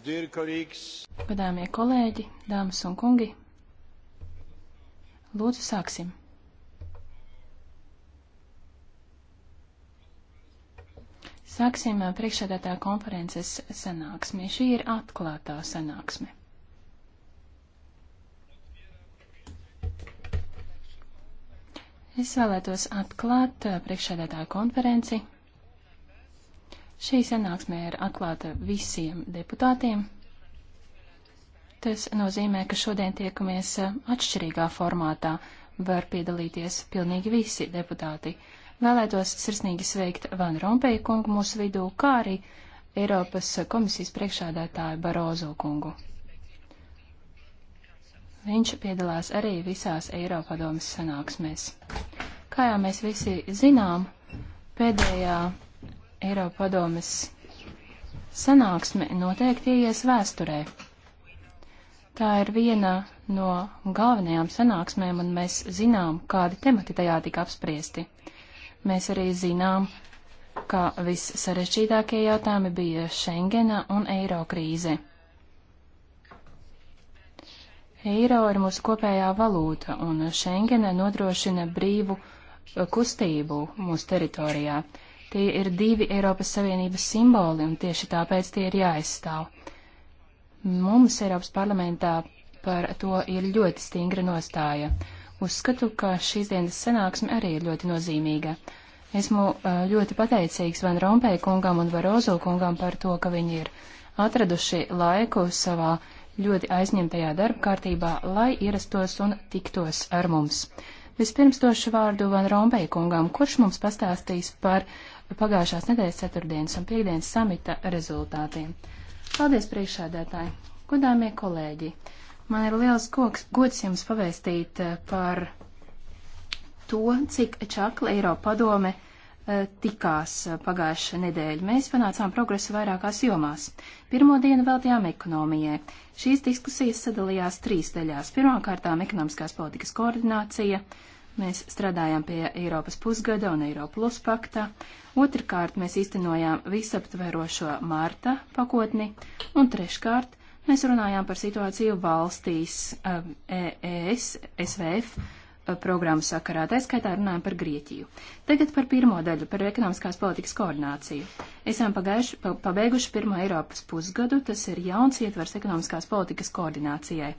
Gadāmie kolēģi, dāmas un kungi, lūdzu sāksim. Sāksim priekšsēdētā konferences sanāksmi. Šī ir atklātā sanāksme. Es vēlētos atklāt priekšsēdētā konferenci. Šī sanāksmē ir atklāta visiem deputātiem. Tas nozīmē, ka šodien tiekamies atšķirīgā formātā. Var piedalīties pilnīgi visi deputāti. Vēlētos sirsnīgi sveikt Van Rompeja kungu mūsu vidū, kā arī Eiropas komisijas priekšādātāju Barozo kungu. Viņš piedalās arī visās Eiropadomas sanāksmēs. Kā jau mēs visi zinām, pēdējā Eiropadomes sanāksme noteikti ies vēsturē. Tā ir viena no galvenajām sanāksmēm, un mēs zinām, kādi temati tajā tika apspriesti. Mēs arī zinām, ka viss sarežģītākie jautājumi bija Schengena un eiro krīze. Eiro ir mūsu kopējā valūta, un Schengena nodrošina brīvu kustību mūsu teritorijā. Tie ir divi Eiropas Savienības simboli, un tieši tāpēc tie ir jāaizstāv. Mums Eiropas parlamentā par to ir ļoti stingra nostāja. Uzskatu, ka šīs dienas sanāksme arī ir ļoti nozīmīga. Esmu ļoti pateicīgs Van Rompēja kungam un Varozo kungam par to, ka viņi ir atraduši laiku savā ļoti aizņemtajā darba kārtībā, lai ierastos un tiktos ar mums. Vispirms došu vārdu Van Rompēja kungam, kurš mums pastāstīs par pagājušās nedēļas ceturtdienas un piekdienas samita rezultātiem. Paldies, priekšādētāji! Godāmie kolēģi! Man ir liels koks, gods jums pavēstīt eh, par to, cik čakli Eiropa padome eh, tikās eh, pagājušā nedēļa. Mēs panācām progresu vairākās jomās. Pirmo dienu veltījām ekonomijai. Šīs diskusijas sadalījās trīs daļās. Pirmkārtām ekonomiskās politikas koordinācija, uh, Mēs strādājām pie Eiropas pusgada un Eiroplus pakta. Otrkārt, mēs īstenojām visaptverošo mārta pakotni. Un treškārt, mēs runājām par situāciju valstīs um, ES, e SVF uh, programmu sakarā, tā skaitā runājam par Grieķiju. Tagad par pirmo daļu, par ekonomiskās politikas koordināciju. Esam pagaiši, pa, pabeiguši pirmo Eiropas pusgadu, tas ir jauns ietvers ekonomiskās politikas koordinācijai.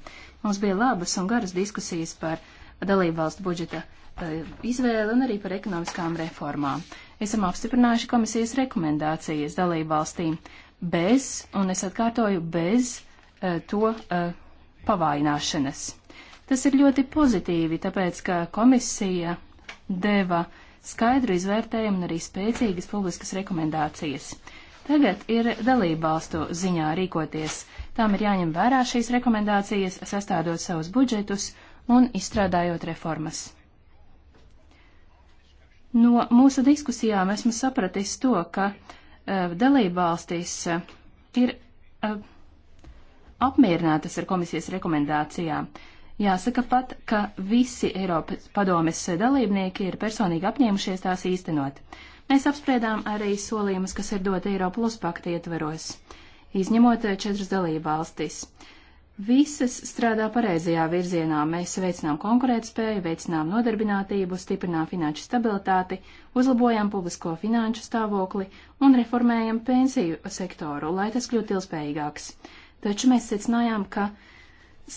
Mums bija labas un garas diskusijas par dalību valstu budžeta eh, izvēli un arī par ekonomiskām reformām. Esam apstiprinājuši komisijas rekomendācijas dalību valstīm bez, un es atkārtoju, bez eh, to eh, pavaināšanas. Tas ir ļoti pozitīvi, tāpēc, ka komisija deva skaidru izvērtējumu un arī spēcīgas publiskas rekomendācijas. Tagad ir dalībvalstu ziņā rīkoties. Tām ir jāņem vērā šīs rekomendācijas, sastādot savus budžetus un izstrādājot reformas. No mūsu diskusijām esmu sapratis to, ka uh, e, dalībvalstīs uh, e, ir uh, apmierinātas ar komisijas rekomendācijām. Jāsaka pat, ka visi Eiropas padomes dalībnieki ir personīgi apņēmušies tās īstenot. Mēs apspriedām arī solījumus, kas ir doti Eiropa Plus pakta ietveros, izņemot četras dalībvalstis. valstis. Visas strādā pareizajā virzienā. Mēs veicinām konkurētspēju, veicinām nodarbinātību, stiprinām finanšu stabilitāti, uzlabojam publisko finanšu stāvokli un reformējam pensiju sektoru, lai tas kļūtu ilgspējīgāks. Taču mēs secinājām, ka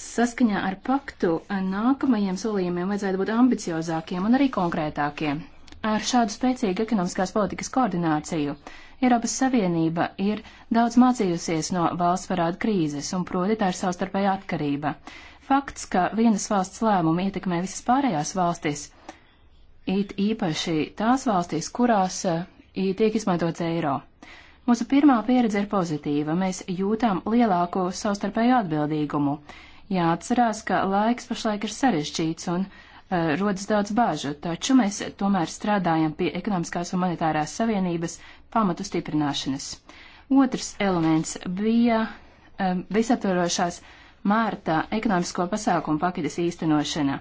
saskaņā ar paktu nākamajiem solījumiem vajadzētu būt ambiciozākiem un arī konkrētākiem. Ar šādu spēcīgu ekonomiskās politikas koordināciju Eiropas Savienība ir daudz mācījusies no valsts parāda krīzes, un proti tā ir savstarpēja atkarība. Fakts, ka vienas valsts lēmumi ietekmē visas pārējās valstis, it īpaši tās valstis, kurās eh, tiek izmantots eiro. Mūsu pirmā pieredze ir pozitīva, mēs jūtām lielāko savstarpēju atbildīgumu. Jāatcerās, ka laiks pašlaik ir sarežģīts un eh, rodas daudz bāžu, taču mēs tomēr strādājam pie ekonomiskās un monetārās savienības, pamatu stiprināšanas. Otrs elements bija um, visaptvarošās mārta ekonomisko pasākumu paketes īstenošana.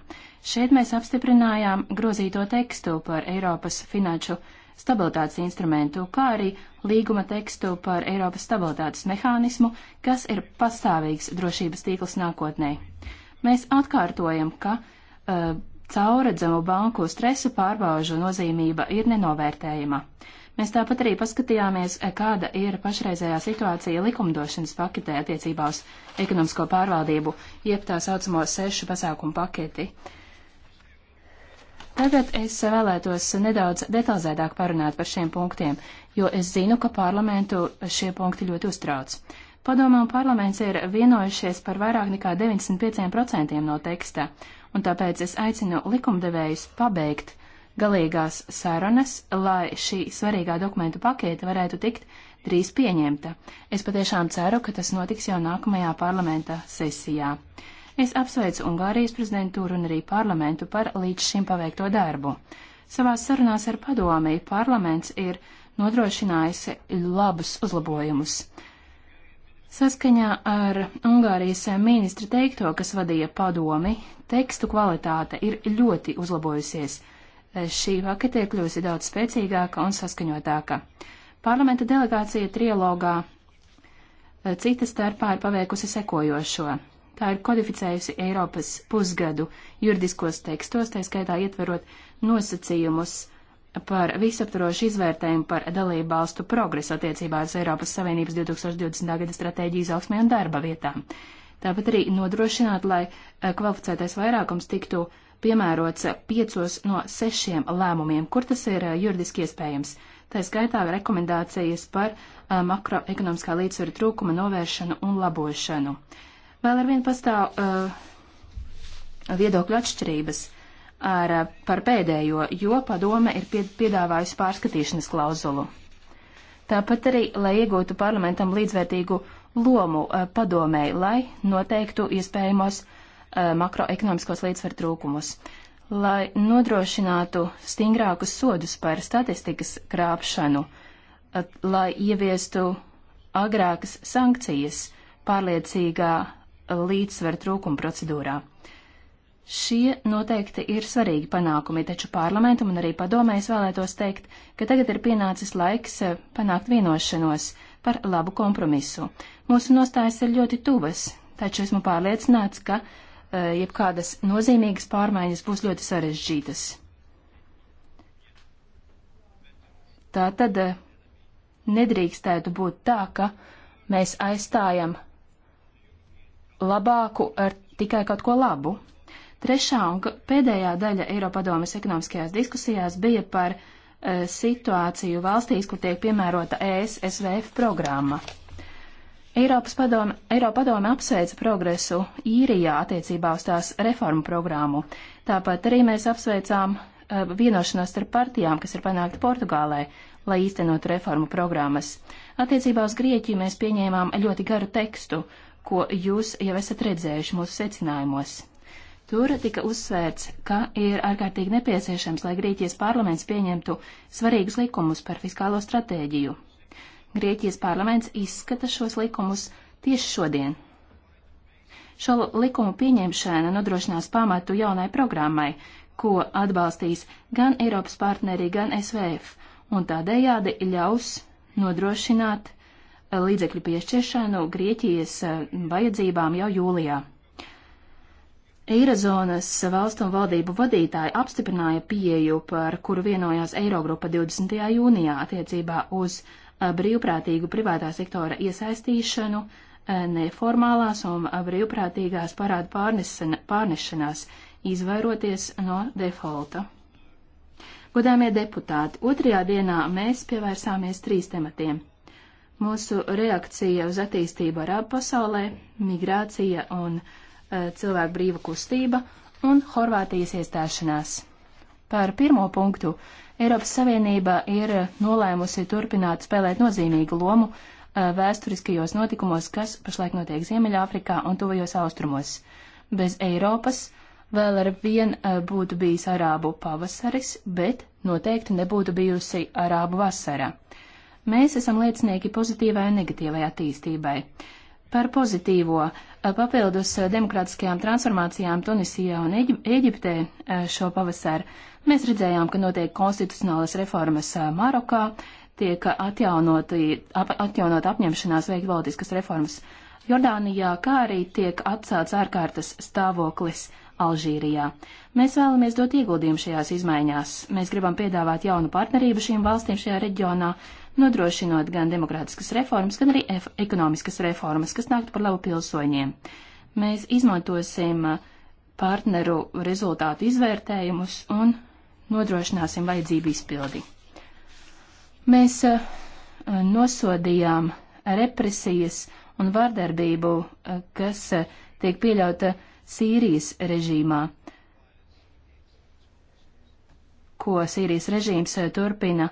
Šeit mēs apstiprinājām grozīto tekstu par Eiropas finanšu stabilitātes instrumentu, kā arī līguma tekstu par Eiropas stabilitātes mehānismu, kas ir pastāvīgs drošības tīkls nākotnē. Mēs atkārtojam, ka uh, cauradzamu banku stresu pārbaužu nozīmība ir nenovērtējama. Uh, Mēs tāpat arī paskatījāmies, eh, kāda ir pašreizējā situācija likumdošanas paketē attiecībā uz ekonomisko pārvaldību, jeb tā saucamo sešu pasākumu paketi. Tagad es vēlētos nedaudz detalizētāk parunāt par šiem punktiem, jo es zinu, ka parlamentu šie punkti ļoti uztrauc. Padoma un parlaments ir vienojušies par vairāk nekā 95% no teksta, un tāpēc es aicinu likumdevējus pabeigt galīgās sarunas, lai šī svarīgā dokumentu pakete varētu tikt drīz pieņemta. Es patiešām ceru, ka tas notiks jau nākamajā parlamenta sesijā. Es apsveicu Ungārijas prezidentūru un arī parlamentu par līdz šim paveikto darbu. Savās sarunās ar padomēju parlaments ir nodrošinājusi labus uzlabojumus. Saskaņā ar Ungārijas ministra teikto, kas vadīja padomi, tekstu kvalitāte ir ļoti uzlabojusies, šī pakete ir kļuvusi daudz spēcīgāka un saskaņotāka. Parlamenta delegācija trilogā e, cita starpā ir paveikusi sekojošo. Tā ir kodificējusi Eiropas pusgadu juridiskos tekstos, tā skaitā ietverot nosacījumus par visaptvarošu izvērtējumu par dalību valstu progresu attiecībā uz Eiropas Savienības 2020. gada stratēģiju izaugsmē un darba vietām. Tāpat arī nodrošināt, lai e, kvalificētais vairākums tiktu piemērots piecos no sešiem lēmumiem, kur tas ir eh, juridiski iespējams. Tā skaitā rekomendācijas par eh, makroekonomiskā līdzsvera trūkuma novēršanu un labošanu. Vēl ar vienu pastāv uh, viedokļu atšķirības ar, par pēdējo, jo padome ir piedāvājusi pārskatīšanas klauzulu. Tāpat arī, lai iegūtu parlamentam līdzvērtīgu lomu padomēji, lai noteiktu iespējamos Eh, makroekonomiskos līdzsvaru trūkumus. Lai nodrošinātu stingrākus sodus par statistikas krāpšanu, eh, lai ieviestu agrākas sankcijas pārliecīgā līdzsvaru trūkuma procedūrā. Šie noteikti ir svarīgi panākumi, taču parlamentam un arī padomēs vēlētos teikt, ka tagad ir pienācis laiks eh, panākt vienošanos par labu kompromisu. Mūsu nostājas ir ļoti tuvas, taču esmu pārliecināts, ka E, jebkādas nozīmīgas pārmaiņas būs ļoti sarežģītas. Tā tad e, nedrīkstētu būt tā, ka mēs aizstājam labāku ar tikai kaut ko labu. Trešā un pēdējā daļa Eiropadomes ekonomiskajās diskusijās bija par e, situāciju valstīs, kur tiek piemērota ESSVF programma. Eiropas padome, Eiropa padome apsveica progresu īrijā attiecībā uz tās reformu programmu. Tāpat arī mēs apsveicām uh, vienošanos ar partijām, kas ir panākta Portugālē, lai īstenotu reformu programmas. Attiecībā uz Grieķiju mēs pieņēmām ļoti garu tekstu, ko jūs jau esat redzējuši mūsu secinājumos. Tur tika uzsvērts, ka ir ārkārtīgi nepieciešams, lai Grieķijas parlaments pieņemtu svarīgus likumus par fiskālo stratēģiju. Grieķijas parlaments izskata šos likumus tieši šodien. Šo likumu pieņemšana nodrošinās pamatu jaunai programmai, ko atbalstīs gan Eiropas partneri, gan SVF, un tādējādi ļaus nodrošināt eh, līdzekļu piešķiršanu Grieķijas eh, vajadzībām jau jūlijā. Eirozonas valstu un valdību vadītāji apstiprināja pieeju, par kuru vienojās Eirogrupa 20. jūnijā attiecībā uz uh, brīvprātīgu privātā sektora iesaistīšanu, neformālās un brīvprātīgās parādu pārnešanās, izvairoties no defaulta. Godāmie deputāti, otrajā dienā mēs pievērsāmies trīs tematiem - mūsu reakcija uz attīstību Arābu pasaulē, migrācija un e, cilvēku brīva kustība un Horvātijas iestāšanās. Par pirmo punktu Eiropas Savienība ir eh, nolēmusi turpināt spēlēt nozīmīgu lomu eh, vēsturiskajos notikumos, kas pašlaik notiek Ziemeļāfrikā un tuvajos austrumos. Bez Eiropas vēl ar vien eh, būtu bijis arābu pavasaris, bet noteikti nebūtu bijusi arābu vasara. Mēs esam liecinieki pozitīvai un negatīvai attīstībai. Par pozitīvo papildus demokrātiskajām transformācijām Tunisijā un Eģiptē šo pavasaru mēs redzējām, ka notiek konstitucionālas reformas Marokā, tiek atjaunoti, ap, atjaunot apņemšanās veikt politiskas reformas Jordānijā, kā arī tiek atcelts ārkārtas stāvoklis Alžīrijā. Mēs vēlamies dot ieguldījumu šajās izmaiņās. Mēs gribam piedāvāt jaunu partnerību šīm valstīm šajā reģionā nodrošinot gan demokrātiskas reformas, gan arī ekonomiskas reformas, kas nāktu par labu pilsoņiem. Mēs izmantosim uh, partneru rezultātu izvērtējumus un nodrošināsim vajadzību izpildi. Mēs uh, nosodījām represijas un vardarbību, uh, kas tiek pieļauta Sīrijas režīmā, ko Sīrijas režīms turpina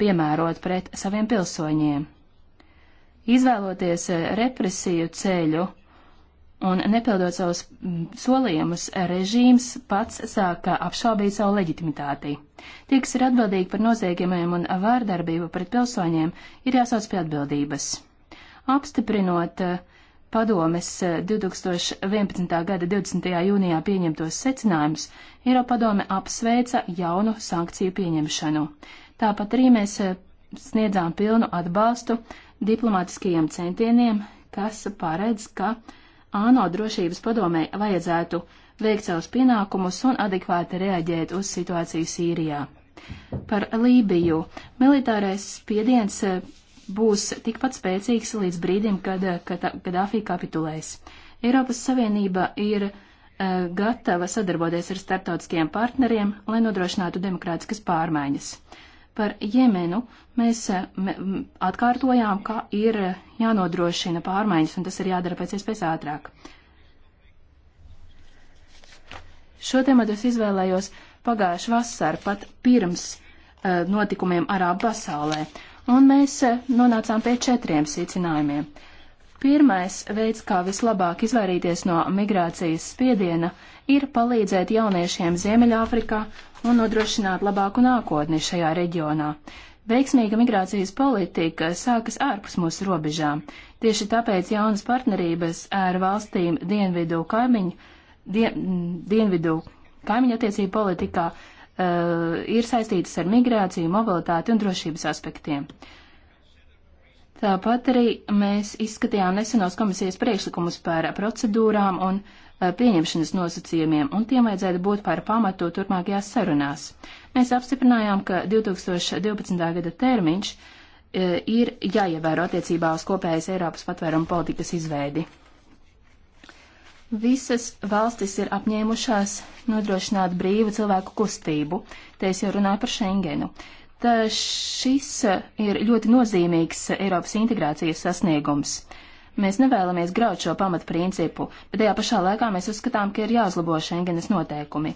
piemērot pret saviem pilsoņiem. Izvēloties eh, represiju ceļu un nepildot savus mm, solījumus, eh, režīms pats sāka apšaubīt savu leģitimitāti. Tie, kas ir atbildīgi par noziegumiem un vārdarbību pret pilsoņiem, ir jāsauc pie atbildības. Apstiprinot eh, padomes 2011. gada 20. jūnijā pieņemtos secinājumus, Eiropadome apsveica jaunu sankciju pieņemšanu. Tāpat arī mēs eh, sniedzām pilnu atbalstu diplomātiskajiem centieniem, kas paredz, ka ANO drošības padomē vajadzētu veikt savus pienākumus un adekvāti reaģēt uz situāciju Sīrijā. Par Lībiju militārais spiediens eh, būs tikpat spēcīgs līdz brīdim, kad eh, Gadāfī kapitulēs. Eiropas Savienība ir uh, gatava sadarboties ar starptautiskiem partneriem, lai nodrošinātu demokrātiskas pārmaiņas. Uh, par Jemenu mēs eh, atkārtojām, ka ir jānodrošina pārmaiņas, un tas ir jādara pēc iespējas ātrāk. Šo tematu es izvēlējos pagājuši vasaru, pat pirms uh, notikumiem Arābu pasaulē, un mēs uh, nonācām pie četriem sīcinājumiem. Uh, Pirmais veids, kā vislabāk izvairīties no migrācijas spiediena, ir palīdzēt jauniešiem Ziemeļāfrikā un nodrošināt labāku nākotni šajā reģionā. Veiksmīga migrācijas politika sākas ārpus mūsu robežām. Tieši tāpēc jaunas partnerības ar valstīm dienvidu kaimiņu, dien, dienvidu kaimiņu attiecību politikā uh, ir saistītas ar migrāciju, mobilitāti un drošības aspektiem. Uh, Tāpat arī mēs izskatījām nesenos komisijas priekšlikumus par procedūrām un eh, pieņemšanas nosacījumiem, un tiem vajadzētu būt par pamatu turpmākajās sarunās. Mēs apstiprinājām, ka 2012. gada termiņš eh, ir jāievēro attiecībā uz kopējas Eiropas patvērumu politikas izveidi. Visas valstis ir apņēmušās nodrošināt brīvu cilvēku kustību, te es jau runāju par Schengenu. Eh, šis eh, ir ļoti nozīmīgs eh, Eiropas integrācijas sasniegums. Mēs nevēlamies graut šo pamatprincipu, bet tajā pašā laikā mēs uzskatām, ka ir jāuzlabo Schengenes noteikumi.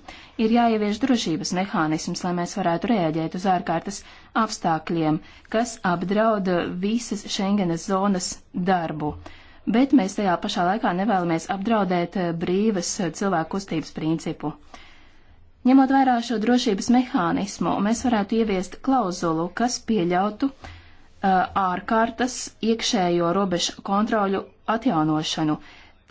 Ir jāievieš drošības mehānisms, lai mēs varētu reaģēt uz ārkārtas apstākļiem, kas apdrauda visas Schengenes zonas darbu. Bet mēs tajā pašā laikā nevēlamies apdraudēt brīvas cilvēku kustības principu. Ņemot vērā šo drošības mehānismu, mēs varētu ieviest klauzulu, kas pieļautu uh, ārkārtas iekšējo robežu kontroļu atjaunošanu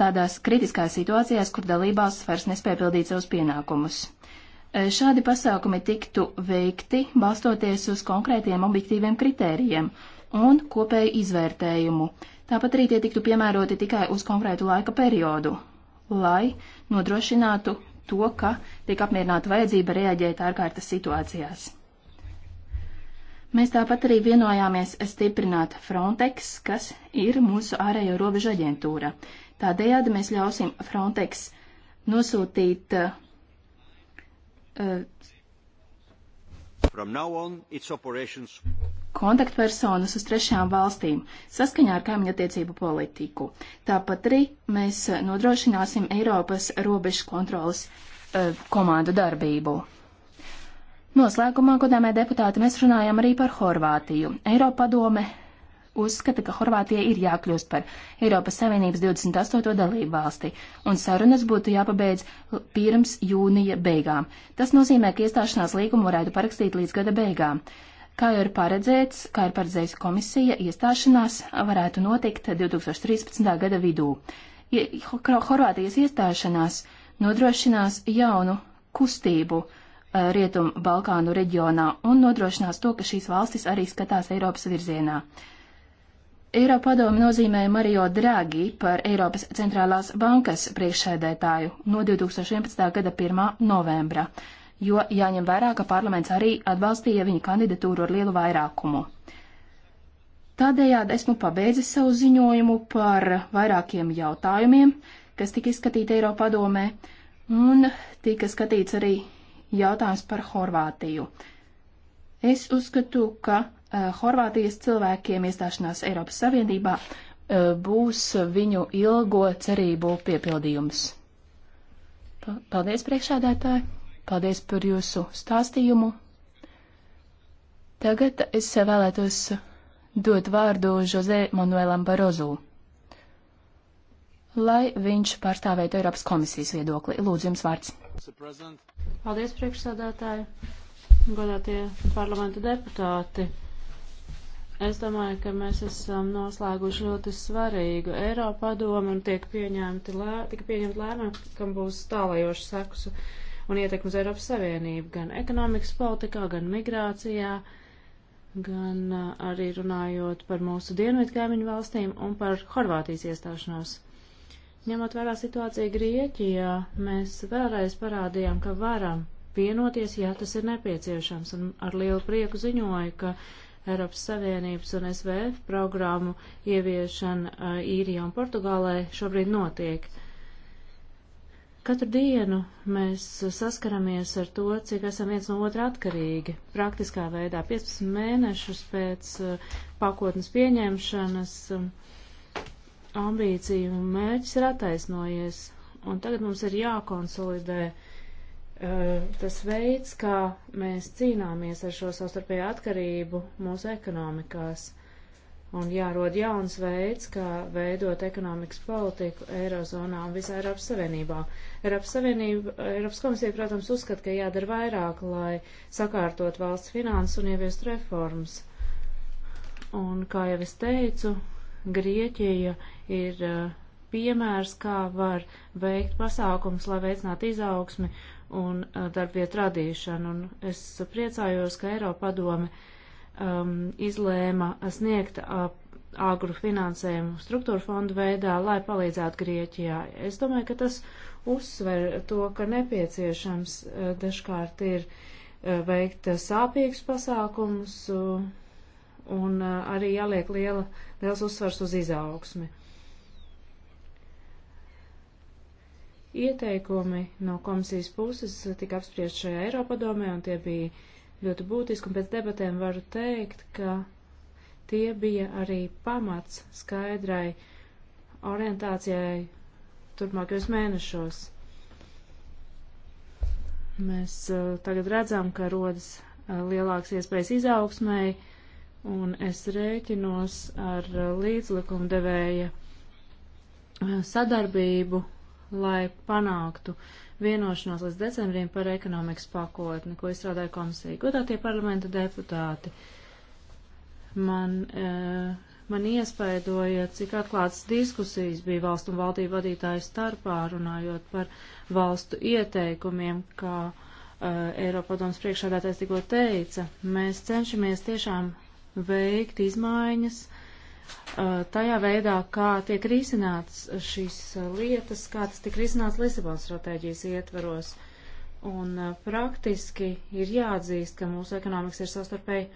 tādās kritiskās situācijās, kur dalībās vairs nespēja pildīt savus pienākumus. Uh, šādi pasākumi tiktu veikti balstoties uz konkrētiem objektīviem kritērijiem un kopēju izvērtējumu. Tāpat arī tie tiktu piemēroti tikai uz konkrētu laika periodu, lai nodrošinātu to, ka tiek apmierināta vajadzība reaģēt ārkārtas situācijās. Mēs tāpat arī vienojāmies stiprināt Frontex, kas ir mūsu ārējo robežu aģentūra. Tādējādi mēs ļausim Frontex nosūtīt uh, kontaktpersonas uz trešām valstīm saskaņā ar kaimiņa attiecību politiku. Tāpat arī mēs nodrošināsim Eiropas robežu kontrolas uh, komandu darbību. Noslēgumā, godāmē deputāti, mēs runājam arī par Horvātiju. Eiropadome uzskata, ka Horvātija ir jākļūst par Eiropas Savienības 28. dalību valsti, un sarunas būtu jāpabeidz pirms jūnija beigām. Tas nozīmē, ka iestāšanās līgumu varētu parakstīt līdz gada beigām. Kā jau ir paredzēts, kā ir paredzējusi komisija, iestāšanās varētu notikt 2013. gada vidū. Horvātijas iestāšanās nodrošinās jaunu kustību eh, Rietumu Balkānu reģionā un nodrošinās to, ka šīs valstis arī skatās Eiropas virzienā. Eiropadomi nozīmēja Mario Draghi par Eiropas centrālās bankas priekšsēdētāju no 2011. gada 1. novembra jo jāņem vērā, ka parlaments arī atbalstīja viņa kandidatūru ar lielu vairākumu. Tādējādi esmu pabeidzis savu ziņojumu par vairākiem jautājumiem, kas tika izskatīti Eiropadomē, un tika skatīts arī jautājums par Horvātiju. Es uzskatu, ka uh, Horvātijas cilvēkiem iestāšanās Eiropas Savienībā uh, būs viņu ilgo cerību piepildījums. Paldies, priekšādētāji! Paldies par jūsu stāstījumu. Tagad es vēlētos dot vārdu Jose Manuēlam Barozu, lai viņš pārstāvētu Eiropas komisijas viedokli. Lūdzu, jums vārds. Paldies, priekšsādātāji, godātie parlamenta deputāti. Es domāju, ka mēs esam noslēguši ļoti svarīgu Eiropa padomu un tiek pieņemti, lē, tika pieņemti lēmumi, kam būs tālajoši sekusi un ietekmi uz Eiropas Savienību gan ekonomikas politikā, gan migrācijā, gan uh, arī runājot par mūsu dienvidu kaimiņu valstīm un par Horvātijas iestāšanos. Ņemot vērā situāciju Grieķijā, mēs vēlreiz parādījām, ka varam vienoties, ja tas ir nepieciešams, un ar lielu prieku ziņoju, ka Eiropas Savienības un SVF programmu ieviešana uh, Īrijā un Portugālē šobrīd notiek. Uh, Katru dienu mēs saskaramies ar to, cik esam viens no otra atkarīgi. Praktiskā veidā 15 mēnešus pēc eh, pakotnes pieņemšanas um, ambīcija un mērķis ir attaisnojies. Un tagad mums ir jākonsolidē eh, tas veids, kā mēs cīnāmies ar šo savstarpēju atkarību mūsu ekonomikās un jārod jauns veids, kā veidot ekonomikas politiku Eirozonā un visā Eiropas Savienībā. Eiropas, Savienība, Eiropas komisija, protams, uzskata, ka jādara vairāk, lai sakārtot valsts finanses un ieviest reformas. Un, kā jau es teicu, Grieķija ir eh, piemērs, kā var veikt pasākums, lai veicinātu izaugsmi un eh, darbvietu radīšanu. Un es priecājos, ka Eiropa padome um, izlēma sniegt uh, agru finansējumu struktūra fondu veidā, lai palīdzētu Grieķijā. Es domāju, ka tas uzsver to, ka nepieciešams uh, dažkārt ir uh, veikt sāpīgus pasākumus uh, un uh, arī jāliek liela, liels uzsvars uz izaugsmi. Ieteikumi no komisijas puses tika apspriest šajā Eiropadomē, un tie bija uh, ļoti būtiski, un pēc debatēm varu teikt, ka tie bija arī pamats skaidrai orientācijai turpmākajos mēnešos. Mēs uh, tagad redzam, ka rodas uh, eh, lielāks iespējas izaugsmēji, un es rēķinos ar uh, eh, līdzlikumu devēja sadarbību, lai panāktu uh, vienošanos līdz decembrim par ekonomikas pakotni, ko izstrādāja komisija. Godātie parlamenta deputāti, man, e, man iespaidoja, cik atklātas diskusijas bija valstu un valdību vadītāju starpā, runājot par valstu ieteikumiem, kā e, Eiropadoms priekšādātais tikko teica. Mēs cenšamies tiešām veikt izmaiņas Uh, tajā veidā, kā tiek risināts šīs lietas, kā tas tika risināts Lisabonas stratēģijas ietvaros. Un uh, praktiski ir jāatzīst, ka mūsu ekonomikas ir savstarpēji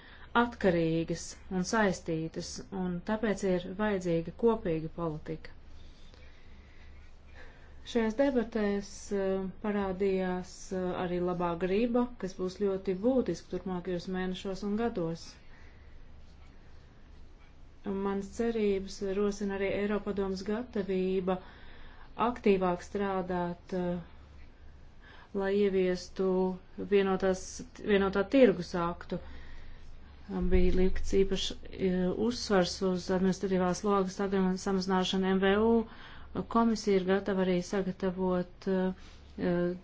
atkarīgas un saistītas, un tāpēc ir vajadzīga kopīga politika. Šajās debatēs uh, parādījās arī labā grība, kas būs ļoti būtiska turpmākajos mēnešos un gados manas cerības rosina arī Eiropadomas gatavība aktīvāk strādāt, eh, lai ieviestu vienotās, vienotā tirgus aktu. Bija likts īpaši eh, uzsvars uz administratīvās logas samazināšanu MVU. Komisija ir gatava arī sagatavot eh,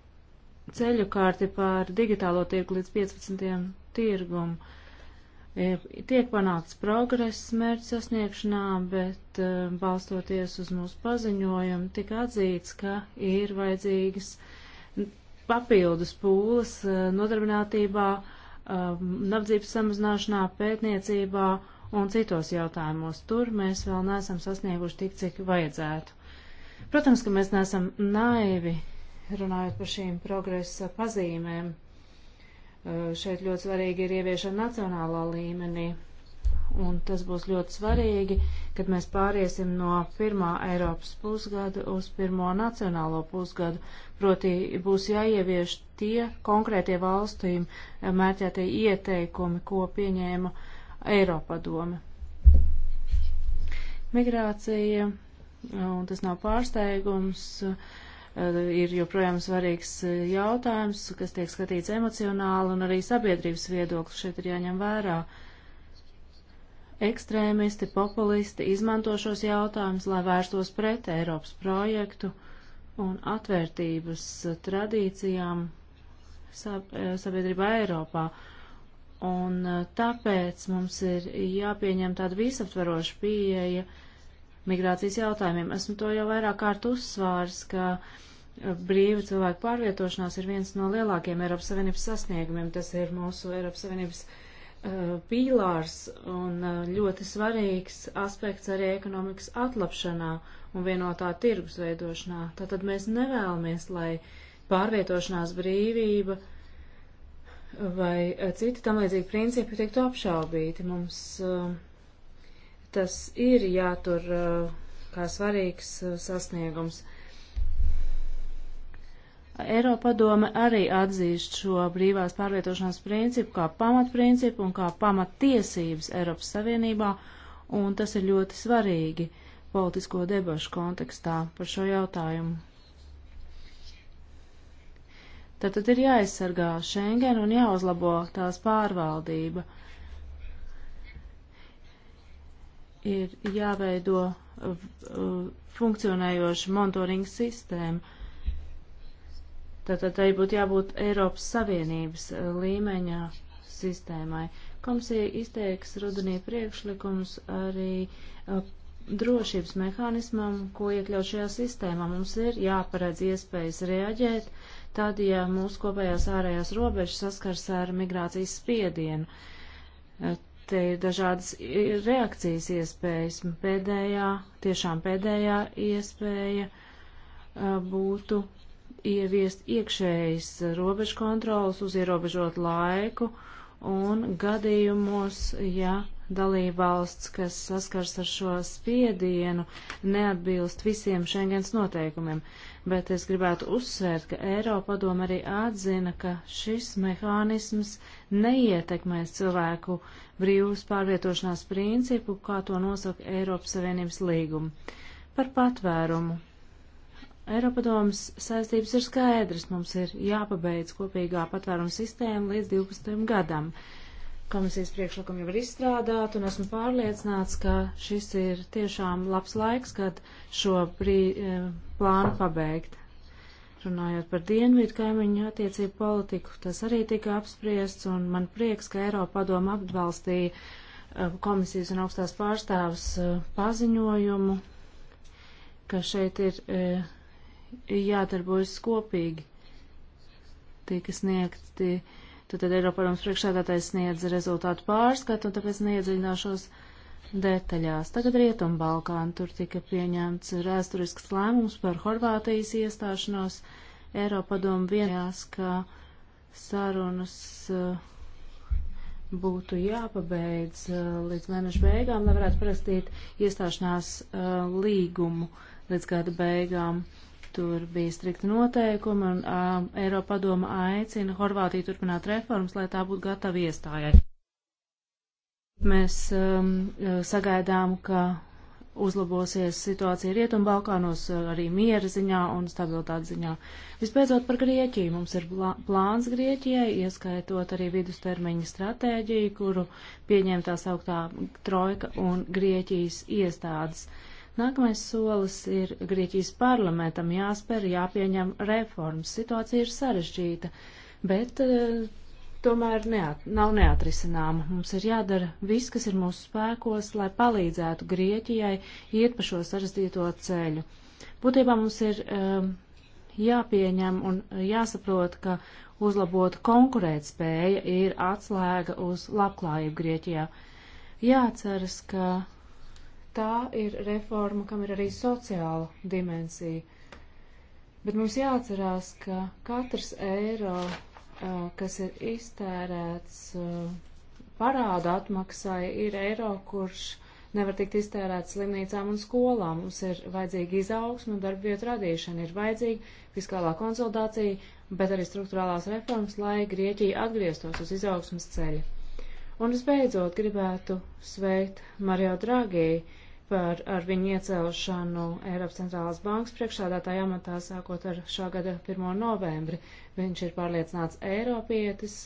ceļu kārti pār digitālo tirgu līdz 15. tirgumu Tiek panākts progress mērķa sasniegšanā, bet um, balstoties uz mūsu paziņojumu, tika atzīts, ka ir vajadzīgas papildus pūles uh, nodarbinātībā, um, nabadzības samazināšanā, pētniecībā un citos jautājumos. Tur mēs vēl neesam sasnieguši tik, cik vajadzētu. Protams, ka mēs neesam naivi runājot par šīm progresa pazīmēm. Eh, šeit ļoti svarīgi ir ieviešana nacionālā līmenī, un tas būs ļoti svarīgi, kad mēs pāriesim no pirmā Eiropas pusgada uz pirmo nacionālo pusgadu. Proti būs jāievieš tie konkrētie valstīm eh, mērķētie ieteikumi, ko pieņēma Eiropadome. Migrācija, eh, un tas nav pārsteigums, uh, ir joprojām svarīgs e, jautājums, kas tiek skatīts emocionāli un arī sabiedrības viedoklis šeit ir jāņem vērā. Ekstrēmisti, populisti izmanto šos jautājumus, lai vērstos pret Eiropas projektu un atvērtības tradīcijām e, sabiedrībā Eiropā. Un e, tāpēc mums ir jāpieņem tāda visaptvaroša pieeja migrācijas jautājumiem. Esmu to jau vairāk kārt uzsvārs, ka uh, brīva cilvēku pārvietošanās ir viens no lielākiem Eiropas Savienības sasniegumiem. Tas ir mūsu Eiropas Savienības uh, pīlārs un uh, ļoti svarīgs aspekts arī ekonomikas atlapšanā un vienotā tirgus veidošanā. Tātad mēs nevēlamies, lai pārvietošanās brīvība vai uh, citi tam līdzīgi principi tiktu apšaubīti. Mums uh, tas ir jātur uh, kā svarīgs uh, sasniegums. Uh, Eiropadome arī atzīst šo brīvās pārvietošanās principu kā pamatprincipu un kā pamattiesības Eiropas Savienībā, un tas ir ļoti svarīgi politisko debašu kontekstā par šo jautājumu. Tātad ir jāaizsargā Schengen un jāuzlabo tās pārvaldība. Ir jāveido funkcionējoša monitoringa sistēma Tātad tai būtu jābūt Eiropas Savienības eh, līmeņa sistēmai. Komisija izteiks rudenī priekšlikums arī eh, drošības mehānismam, ko iekļaut šajā sistēmā. Mums ir jāparedz iespējas reaģēt, tad, ja mūsu kopējās ārējās robežas saskars ar migrācijas spiedienu. Eh, te ir dažādas reakcijas iespējas. Pēdējā, tiešām pēdējā iespēja būtu ieviest iekšējas robežu kontrolas uz ierobežotu laiku un gadījumos, ja dalībvalsts, kas saskars ar šo spiedienu, neatbilst visiem Schengens noteikumiem. Bet es gribētu uzsvērt, ka Eiropadoma arī atzina, ka šis mehānisms neietekmēs cilvēku brīvas pārvietošanās principu, kā to nosaka Eiropas Savienības līguma. Par patvērumu Eiropadomas saistības ir skaidrs. Mums ir jāpabeidz kopīgā patvēruma sistēma līdz 12. gadam. Komisijas priekšlikumi jau ir izstrādāti, un esmu pārliecināts, ka šis ir tiešām labs laiks, kad šo prī, eh, plānu pabeigt. Runājot par dienvidu kaimiņu attiecību politiku, tas arī tika apspriests, un man prieks, ka Eiropadoma atbalstīja eh, komisijas un augstās pārstāvas eh, paziņojumu, ka šeit ir jādarbojas kopīgi. Tika sniegti, tad, tad Eiroparams priekšsēdātais sniedz rezultātu pārskatu, un tāpēc neiedziļināšos detaļās. Tagad Rietumbalkāna tur tika pieņemts vēsturisks lēmums par Horvātijas iestāšanos. Eiropadomu vienojās, ka sarunas uh, būtu jāpabeidz uh, līdz mēneša beigām, lai varētu prastīt iestāšanās uh, līgumu līdz gada beigām. Uh, Tur bija strikti noteikumi, un uh, Eiropa padoma aicina Horvātiju turpināt reformas, lai tā būtu gatava iestājai. Mēs um, sagaidām, ka uzlabosies situācija Rietumbalkānos arī miera ziņā un stabilitātes ziņā. Vispēcot par Grieķiju, mums ir plāns Grieķijai, ieskaitot arī vidustermiņa stratēģiju, kuru pieņem tā sauktā Trojka un Grieķijas iestādes. Uh, Nākamais solis ir Grieķijas parlamentam jāspēr, jāpieņem reformas. Situācija ir sarežģīta, bet eh, tomēr neat, nav neatrisināma. Mums ir jādara viss, kas ir mūsu spēkos, lai palīdzētu Grieķijai iet pa šo sarežģīto ceļu. Būtībā mums ir um, jāpieņem un jāsaprot, ka uzlabota konkurētspēja ir atslēga uz labklājību Grieķijā. Jāceras, ka tā ir reforma, kam ir arī sociāla dimensija. Bet mums jāatcerās, ka katrs eiro, kas ir iztērēts parāda atmaksai, ir eiro, kurš nevar tikt iztērēts slimnīcām un skolām. Mums ir vajadzīga izaugsme un darbvietu radīšana, ir vajadzīga fiskālā konsolidācija, bet arī struktūrālās reformas, lai Grieķija atgrieztos uz izaugsmas ceļa. Un visbeidzot gribētu sveikt Mario Dragiju par ar viņu iecelšanu Eiropas centrālās bankas priekšādātāja amatā sākot ar šā gada 1. novembri. Viņš ir pārliecināts Eiropietis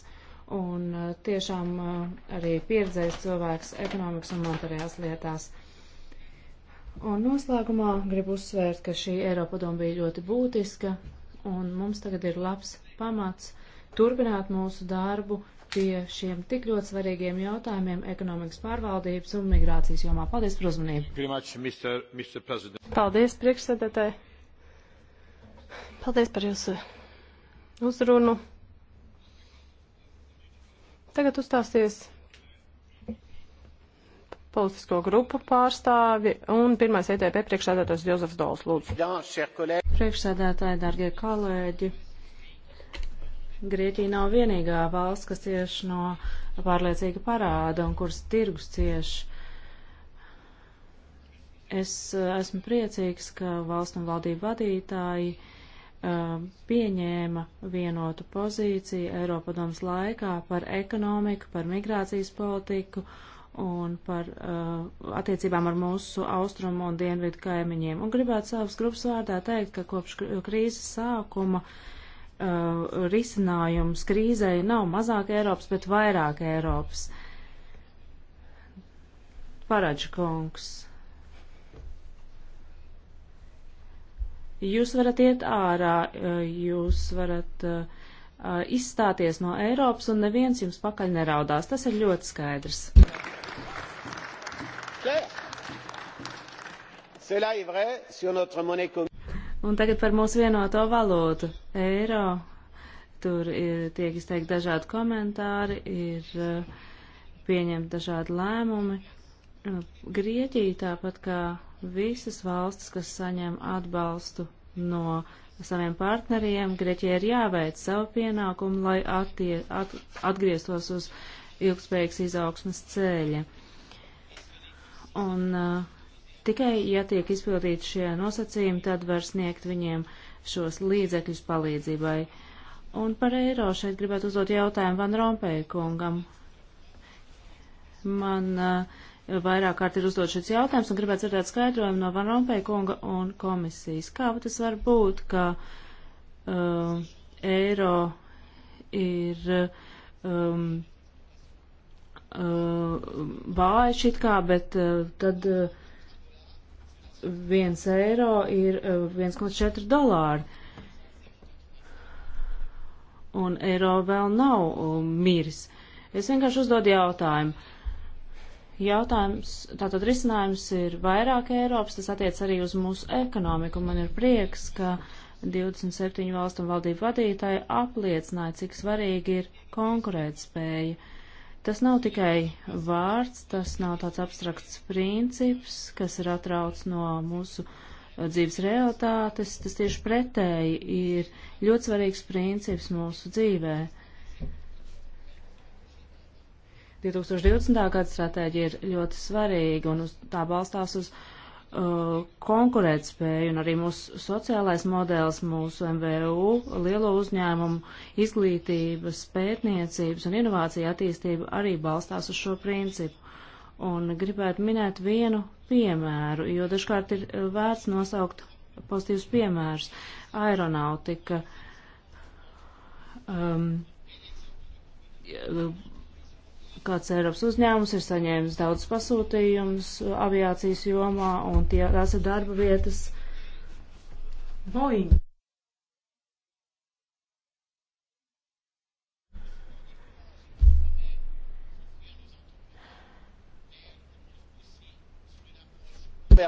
un eh, tiešām eh, arī pieredzējis cilvēks ekonomikas un monetārajās lietās. Un noslēgumā gribu uzsvērt, ka šī Eiropadoma bija ļoti būtiska un mums tagad ir labs pamats turpināt mūsu darbu pie šiem tik ļoti svarīgiem jautājumiem ekonomikas pārvaldības un migrācijas jomā. Paldies par uzmanību. Mr. Mr. Paldies, priekšsēdētāji. Paldies par jūsu uzrunu. Tagad uzstāsies politisko grupu pārstāvi un pirmais ETP priekšsēdētājs Jozefs Dols. Lūdzu. Priekšsēdētāji, dārgie kolēģi. Grieķija nav vienīgā valsts, kas cieši no pārliecīga parāda un kuras tirgus cieši. Es eh, esmu priecīgs, ka valsts un valdību vadītāji uh, pieņēma vienotu pozīciju Eiropadoms laikā par ekonomiku, par migrācijas politiku un par uh, attiecībām ar mūsu austrumu un dienvidu kaimiņiem. Un gribētu savas grupas vārdā teikt, ka kopš krīzes sākuma uh, uh, risinājums krīzei nav mazāk Eiropas, bet vairāk Eiropas. Paradž kungs. Jūs varat iet ārā, uh, jūs varat uh, uh, izstāties no Eiropas un neviens jums pakaļ neraudās. Tas ir ļoti skaidrs. Cela est vrai sur notre monnaie commune. Un tagad par mūsu vienoto valūtu - eiro. Tur ir, tiek izteikti dažādi komentāri, ir e, pieņemti dažādi lēmumi. Nu, Grieķija tāpat kā visas valstis, kas saņem atbalstu no saviem partneriem, Grieķija ir jāveic savu pienākumu, lai attie, at, atgrieztos uz ilgspējīgas izaugsmas ceļa. Un uh, Tikai, ja tiek izpildīti šie nosacījumi, tad var sniegt viņiem šos līdzekļus palīdzībai. Un par eiro šeit gribētu uzdot jautājumu Van Rompēja kungam. Man uh, vairāk kārt ir uzdot šis jautājums un gribētu dzirdēt skaidrojumu no Van Rompēja kunga un komisijas. Kā tas var būt, ka uh, eiro ir um, ehm, uh, eh, vājš it kā, bet uh, tad. Uh, 1 eiro ir 1,4 eh, dolāri. Un eiro vēl nav um, miris. Es vienkārši uzdodu jautājumu. Jautājums, tātad risinājums ir vairāk Eiropas, tas attiec arī uz mūsu ekonomiku. Man ir prieks, ka 27 valstu un valdību vadītāji apliecināja, cik svarīgi ir konkurētspēja Tas nav tikai vārds, tas nav tāds abstrakts princips, kas ir atrauc no mūsu uh, dzīves realitātes, tas tieši pretēji ir ļoti svarīgs princips mūsu dzīvē. 2020. gada stratēģija ir ļoti svarīga un uz, tā balstās uz uh, Uh, konkurētspēju un arī mūsu sociālais modelis, mūsu MVU, lielo uzņēmumu, izglītības, pētniecības un inovācija attīstība arī balstās uz šo principu. Un gribētu minēt vienu piemēru, jo dažkārt ir uh, vērts nosaukt pozitīvus piemērus. Aeronautika. Um, kāds Eiropas uzņēmums ir saņēmis daudz pasūtījumus uh, aviācijas jomā, un tie, tās ir darba vietas Boeing.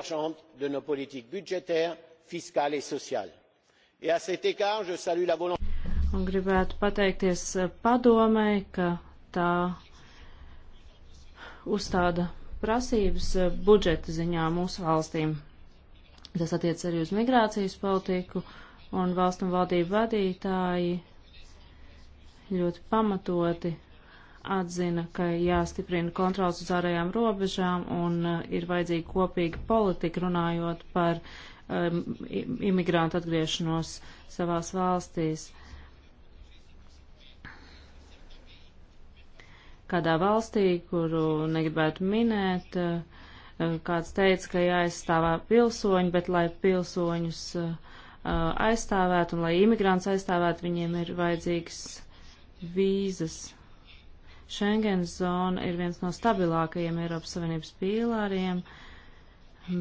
convergente de nos politiques budgétaires fiscales et sociales. et à cet égard je salue la volonté. un gribētu pateikties uh, padomei ka tā uzstāda prasības eh, budžeta ziņā mūsu valstīm. Tas attiec arī uz migrācijas politiku, un valstu un valdību vadītāji ļoti pamatoti atzina, ka jāstiprina kontrols uz ārējām robežām un uh, ir vajadzīga kopīga politika runājot par um, imigrantu atgriešanos savās valstīs. Uh, kādā valstī, kuru negribētu minēt, eh, kāds teica, ka jāaizstāvā pilsoņi, bet lai pilsoņus eh, aizstāvētu un lai imigrants aizstāvētu, viņiem ir vajadzīgs vīzas. Schengens zona ir viens no stabilākajiem Eiropas Savienības pīlāriem,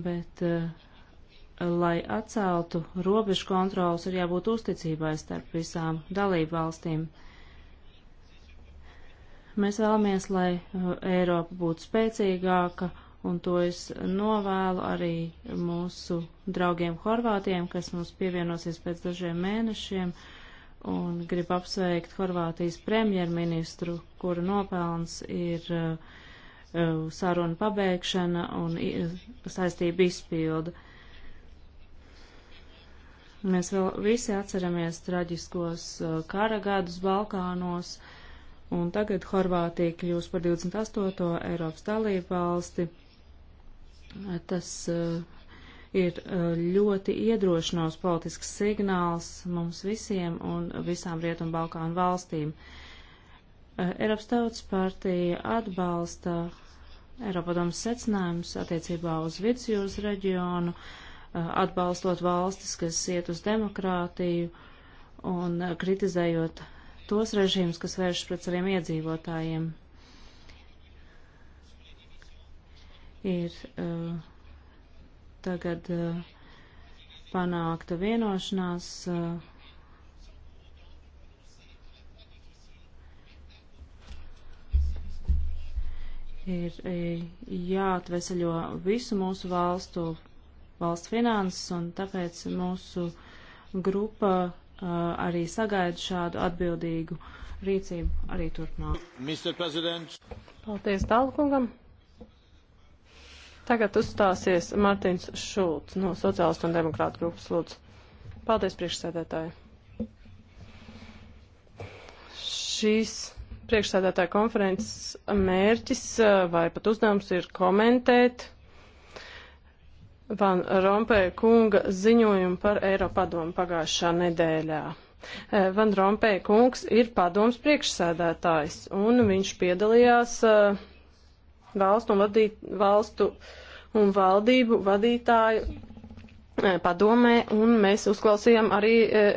bet, eh, lai atceltu robežu kontrols, ir jābūt uzticībai starp visām dalību valstīm. Uh, Mēs vēlamies, lai uh, Eiropa būtu spēcīgāka, un to es novēlu arī mūsu draugiem Horvātiem, kas mums pievienosies pēc dažiem mēnešiem, un gribu apsveikt Horvātijas premjerministru, kura nopelns ir uh, uh saruna pabeigšana un saistība izpilda. Mēs vēl visi atceramies traģiskos uh, kara gadus Balkānos, uh, un tagad Horvātija kļūs par 28. Eiropas dalību valsti. Tas uh, ir uh, ļoti iedrošinošs politisks signāls mums visiem un visām Rietumu Balkānu valstīm. Uh, Eiropas Tautas partija atbalsta Eiropadomas secinājumus attiecībā uz vidusjūras reģionu, atbalstot valstis, kas iet uz demokrātiju un kritizējot tos režīmus, kas vēršas pret saviem iedzīvotājiem. Ir uh, tagad uh, panākta vienošanās. Uh, ir uh, jāatvesaļo visu mūsu valstu, valsts finanses, un tāpēc mūsu grupa Uh, arī sagaida šādu atbildīgu rīcību arī turpmāk. Paldies Tālkungam. Tagad uzstāsies Mārtiņš Šulcs no Sociālistu un Demokrātu grupas lūdzu. Paldies priekšsēdētāji. Šīs priekšsēdētāja konferences mērķis uh, vai pat uzdevums ir komentēt Van Rompēja kunga ziņojumu par Eiropadomu pagājušā nedēļā. Eh, Van Rompēja kungs ir padoms priekšsēdētājs, un viņš piedalījās eh, valstu un, vadīt, valstu un valdību vadītāju eh, padomē, un mēs uzklausījām arī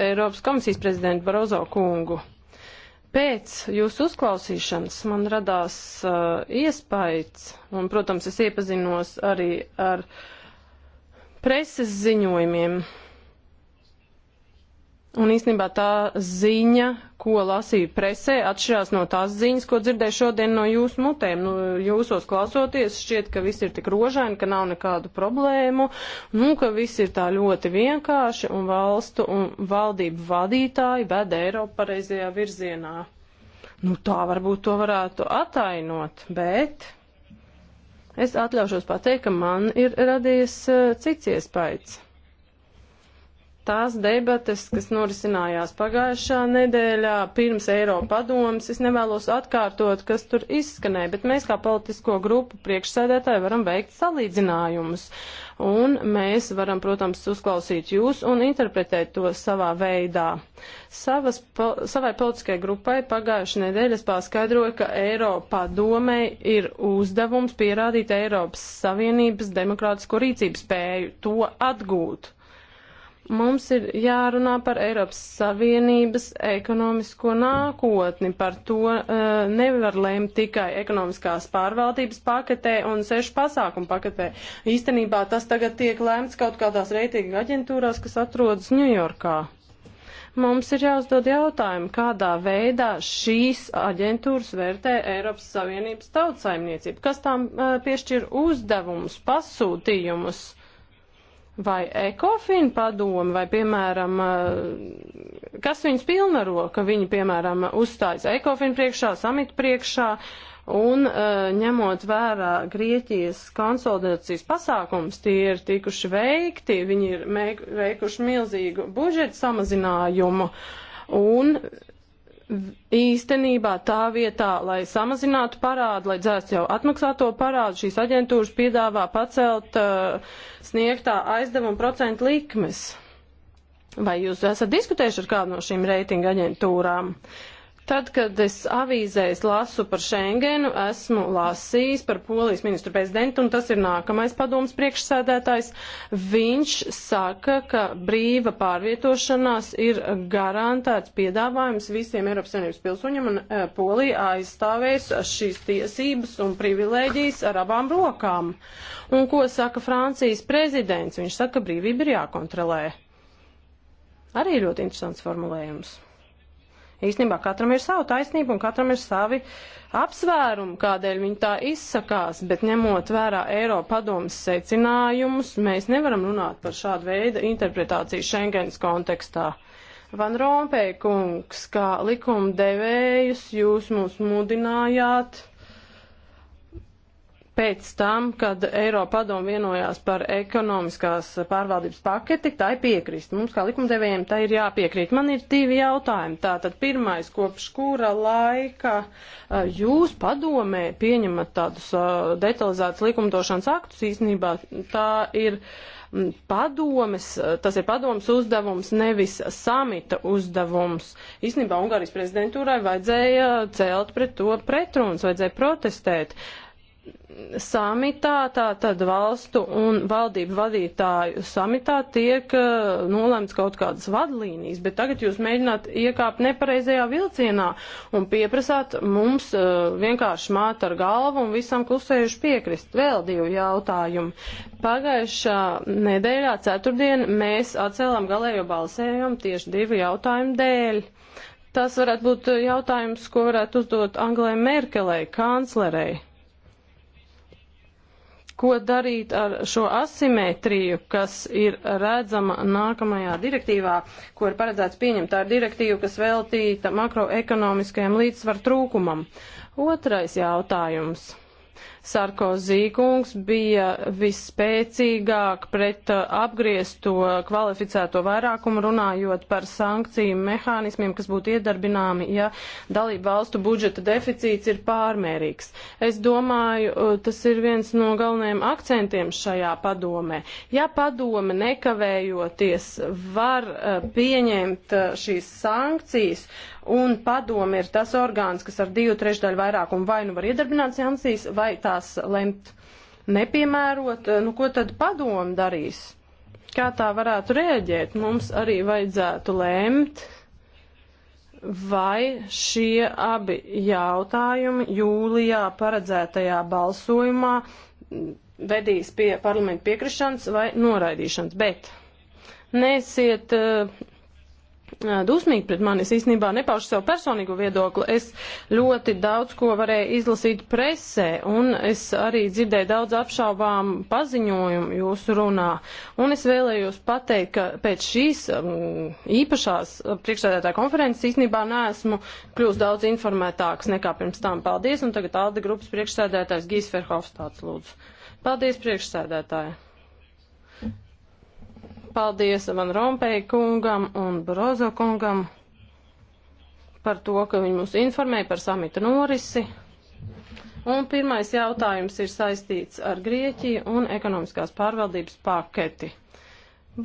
Eiropas komisijas prezidentu Barozo kungu. Pēc jūsu uzklausīšanas man radās uh, iespējas, un, protams, es iepazinos arī ar uh, preses ziņojumiem. Un īstenībā tā ziņa, ko lasīju presē, atšķirās no tās ziņas, ko dzirdēju šodien no jūsu mutēm. Nu, jūsos klausoties, šķiet, ka viss ir tik rožaini, ka nav nekādu problēmu, nu, ka viss ir tā ļoti vienkārši un valstu un valdību vadītāji veda Eiropu pareizajā virzienā. Nu, tā varbūt to varētu atainot, bet Es atļaušos pateikt, ka man ir radies eh, cits iespējas tās debates, kas norisinājās pagājušā nedēļā pirms Eiropa padomas, es nevēlos atkārtot, kas tur izskanēja, bet mēs kā politisko grupu priekšsēdētāji varam veikt salīdzinājumus. Un mēs varam, protams, uzklausīt jūs un interpretēt to savā veidā. Savas, po, savai politiskajai grupai pagājušajā nedēļā es paskaidroju, ka Eiropa domē ir uzdevums pierādīt Eiropas Savienības demokrātisko rīcības spēju to atgūt. Mums ir jārunā par Eiropas Savienības ekonomisko nākotni. Par to uh, nevar lēmt tikai ekonomiskās pārvaldības paketē un sešu pasākumu paketē. Īstenībā tas tagad tiek lēmts kaut kādās reitinga aģentūrās, kas atrodas Ņujorkā. Mums ir jāuzdod jautājumu, kādā veidā šīs aģentūras vērtē Eiropas Savienības tautsaimniecību, kas tām uh, piešķir uzdevumus, pasūtījumus vai ekofina padomu, vai, piemēram, eh, kas viņus pilnvaro, ka viņi, piemēram, uzstājas ekofina priekšā, samita priekšā, un eh, ņemot vērā Grieķijas konsolidācijas pasākums, tie ir tikuši veikti, viņi ir veikuši milzīgu budžeta samazinājumu, un īstenībā tā vietā, lai samazinātu parādu, lai dzēstu jau atmaksāto parādu, šīs aģentūras piedāvā pacelt uh, sniegtā aizdevuma procentu likmes. Vai jūs esat diskutējuši ar kādu no šīm reitinga aģentūrām? Uh, Tad, kad es avīzēs lasu par Schengenu, esmu lasījis par polijas ministru prezidentu, un tas ir nākamais padoms priekšsēdētājs. Viņš saka, ka brīva pārvietošanās ir garantēts piedāvājums visiem Eiropas Savienības pilsoņiem, un eh, Polija aizstāvēs šīs tiesības un privilēģijas ar abām rokām. Un ko saka Francijas prezidents? Viņš saka, ka brīvība ir jākontrolē. Arī ļoti interesants formulējums. Īstenībā katram ir sava taisnība un katram ir savi apsvērumi, kādēļ viņi tā izsakās, bet ņemot vērā Eiropa padomas secinājumus, mēs nevaram runāt par šādu veidu interpretāciju Schengens kontekstā. Van Rompēkungs, kā likumdevējus jūs mūs mudinājāt pēc tam, kad Eiropa padomu vienojās par ekonomiskās pārvaldības paketi, tai piekrist. Mums kā likumdevējiem tai ir jāpiekrīt. Man ir divi jautājumi. Tātad pirmais, kopš kura laika eh, jūs padomē pieņemat tādus eh, detalizētus likumdošanas aktus īstenībā, tā ir mm, padomes, eh, tas ir padomes uzdevums, nevis samita uzdevums. Īstenībā Ungārijas prezidentūrai vajadzēja celt pret to pretrunas, vajadzēja protestēt. Uh, samitā, tātad valstu un valdību vadītāju samitā tiek uh, eh, nolēmts kaut kādas vadlīnijas, bet tagad jūs mēģināt iekāpt nepareizajā vilcienā un pieprasāt mums uh, vienkārši māt ar galvu un visam klusējuši piekrist. Vēl divi jautājumi. Pagājušā nedēļā ceturtdien mēs atcēlām galējo balsējumu tieši divu jautājumu dēļ. Tas varētu būt jautājums, ko varētu uzdot Anglai Merkelei, kanclerei ko darīt ar šo asimetriju, kas ir redzama nākamajā direktīvā, ko ir paredzēts pieņemt. Tā ir direktīva, kas veltīta makroekonomiskajam līdzsvar trūkumam. Otrais jautājums Sarkozī kungs bija visspēcīgāk pret uh, apgriezto kvalificēto vairākumu runājot par sankciju mehānismiem, kas būtu iedarbināmi, ja dalību valstu budžeta deficīts ir pārmērīgs. Es domāju, uh, tas ir viens no galvenajiem akcentiem šajā padomē. Ja padome nekavējoties var uh, pieņemt šīs sankcijas, un padomi ir tas orgāns, kas ar divu trešdaļu vairākumu vai nu var iedarbināt sankcijas, vai tās lemt nepiemērot, nu ko tad padomi darīs? Kā tā varētu rēģēt? Mums arī vajadzētu lēmt, vai šie abi jautājumi jūlijā paredzētajā balsojumā vedīs pie parlamenta piekrišanas vai noraidīšanas, bet nesiet uh, dusmīgi pret mani. Es īstenībā nepaušu savu personīgo viedokli. Es ļoti daudz ko varēju izlasīt presē, un es arī dzirdēju daudz apšaubām paziņojumu jūsu runā. Un es vēlējos pateikt, ka pēc šīs um, īpašās priekšsēdētāja konferences īstenībā neesmu kļūst daudz informētāks nekā pirms tam. Paldies, un tagad Alda grupas priekšsēdētājs Gīs Ferhofstāts lūdzu. Paldies, priekšsēdētāji! paldies Van Rompēja kungam un Brozo kungam par to, ka viņi mūs informēja par samita norisi. Un pirmais jautājums ir saistīts ar Grieķiju un ekonomiskās pārvaldības paketi.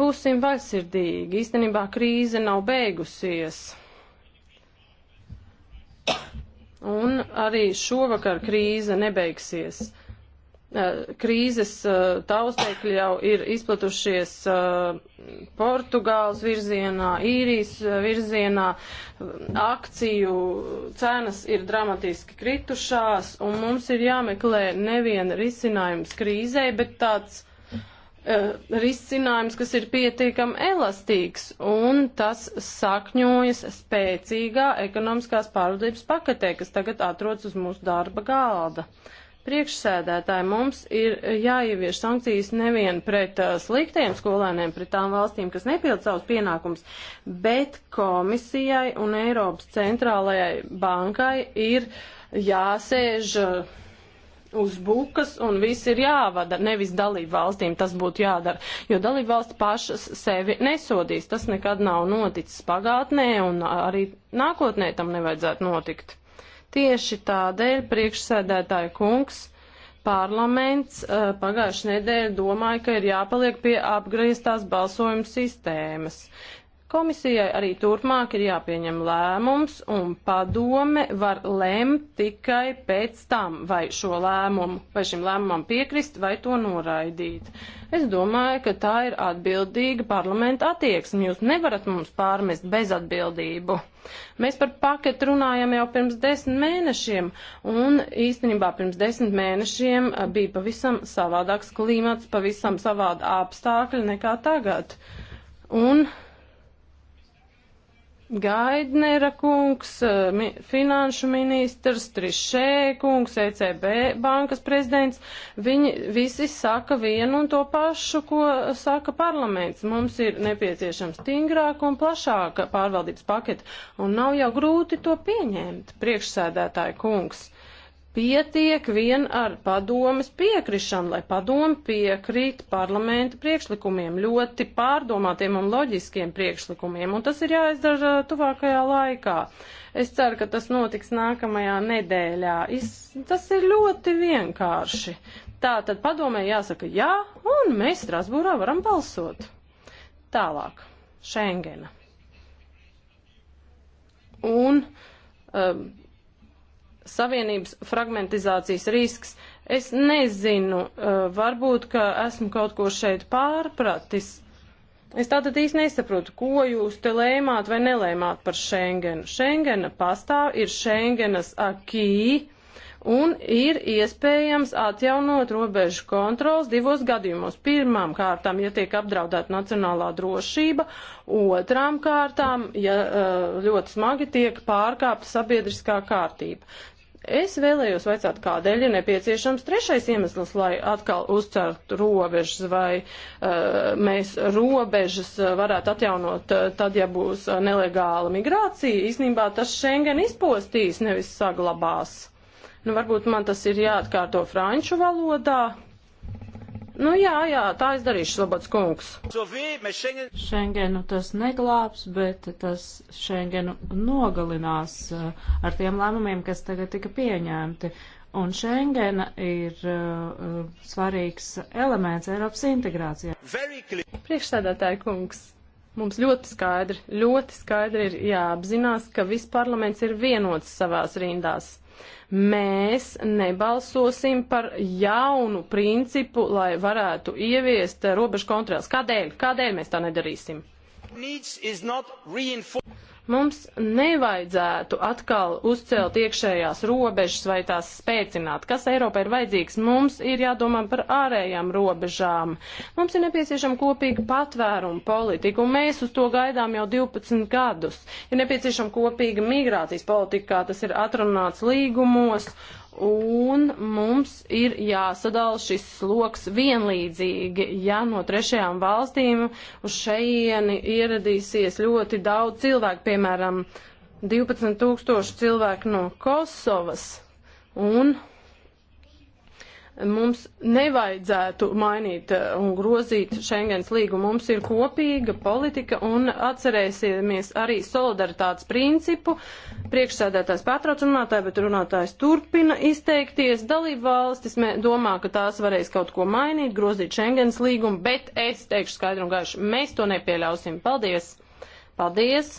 Būsim vaisirdīgi, īstenībā krīze nav beigusies. Un arī šovakar krīze nebeigsies. Eh, krīzes eh, taustekļi jau ir izplatušies eh, Portugāles virzienā, īrijas virzienā, akciju cenas ir dramatiski kritušās, un mums ir jāmeklē nevien risinājums krīzē, bet tāds risinājums, kas ir pietiekami elastīgs, un tas sakņojas spēcīgā ekonomiskās pārvaldības paketē, kas tagad atrodas uz mūsu darba galda. Uh, Priekšsēdētāji mums ir eh, jāievieš sankcijas nevien pret uh, sliktiem skolēniem, pret tām valstīm, kas nepild savus pienākumus, bet komisijai un Eiropas centrālajai bankai ir jāsēž uh, uz bukas un viss ir jāvada, nevis dalību valstīm tas būtu jādara, jo dalību valsts pašas sevi nesodīs. Tas nekad nav noticis pagātnē un arī nākotnē tam nevajadzētu notikt. Tieši tādēļ priekšsēdētāja kungs parlaments uh, pagājušajā nedēļā domāja, ka ir jāpaliek pie apgrieztās balsojuma sistēmas. Komisijai arī turpmāk ir jāpieņem lēmums, un padome var lēmt tikai pēc tam, vai šo lēmumu, vai šim lēmumam piekrist, vai to noraidīt. Es domāju, ka tā ir atbildīga parlamenta attieksme. Jūs nevarat mums pārmest bezatbildību. Mēs par paketu runājam jau pirms desmit mēnešiem, un īstenībā pirms desmit mēnešiem bija pavisam savādāks klimats, pavisam savāda apstākļi nekā tagad. Un Gaidnera kungs, eh, mi, finanšu ministrs, Trišē kungs, ECB bankas prezidents, viņi visi saka vienu un to pašu, ko saka parlaments. Mums ir nepieciešama stingrāka un plašāka pārvaldības paketa, un nav jau grūti to pieņemt, priekšsēdētāja kungs. Pietiek vien ar padomes piekrišanu, lai padome piekrīt parlamenta priekšlikumiem, ļoti pārdomātiem un loģiskiem priekšlikumiem, un tas ir jāizdara tuvākajā laikā. Es ceru, ka tas notiks nākamajā nedēļā. Es, tas ir ļoti vienkārši. Tā tad padomē jāsaka jā, un mēs Strasbūrā varam balsot. Tālāk. Schengena. Un um, Savienības fragmentizācijas risks. Es nezinu, uh, varbūt, ka esmu kaut ko šeit pārpratis. Es tātad īsti nesaprotu, ko jūs te lēmāt vai nelēmāt par Schengenu. Schengena pastāv, ir Schengenas akī un ir iespējams atjaunot robežu kontrols divos gadījumos. Pirmām kārtām, ja tiek apdraudēta nacionālā drošība, otrām kārtām, ja uh, ļoti smagi tiek pārkāpta sabiedriskā kārtība. Es vēlējos vaicāt, kādēļ ir nepieciešams trešais iemesls, lai atkal uzcert robežas, vai uh, mēs robežas eh, varētu atjaunot uh, tad, ja būs uh, nelegāla migrācija. Īsnībā tas Schengen izpostīs, nevis saglabās. Nu, varbūt man tas ir jāatkārto franču valodā, Nu jā, jā, tā es darīšu, Slobods kungs. Šengenu tas neglābs, bet tas Šengenu nogalinās uh, ar tiem lēmumiem, kas tagad tika pieņemti. Un Schengena ir uh, uh svarīgs elements Eiropas integrācijā. Priekšsēdētāji kungs, mums ļoti skaidri, ļoti skaidri ir jāapzinās, ka viss parlaments ir vienots savās rindās. Mēs nebalsosim par jaunu principu, lai varētu ieviest robežu kontrols. Kādēļ? Kādēļ mēs tā nedarīsim? Mums nevajadzētu atkal uzcelt iekšējās robežas vai tās spēcināt. Kas Eiropai ir vajadzīgs? Mums ir jādomā par ārējām robežām. Mums ir nepieciešama kopīga patvēruma politika, un mēs uz to gaidām jau 12 gadus. Ir nepieciešama kopīga migrācijas politika, kā tas ir atrunāts līgumos, un mums ir jāsadala šis sloks vienlīdzīgi, ja no trešajām valstīm uz šeieni ieradīsies ļoti daudz cilvēku, piemēram, 12 tūkstoši cilvēku no Kosovas, un Mums nevajadzētu mainīt eh, un grozīt Schengens līgumu. Mums ir kopīga politika un atcerēsimies arī solidaritātes principu. Priekšsēdētājs pārtrauc runātāju, bet runātājs turpina izteikties. Dalību valstis domā, ka tās varēs kaut ko mainīt, grozīt Schengens līgumu, bet es teikšu skaidru un gaišu, mēs to nepieļausim. Paldies! Paldies!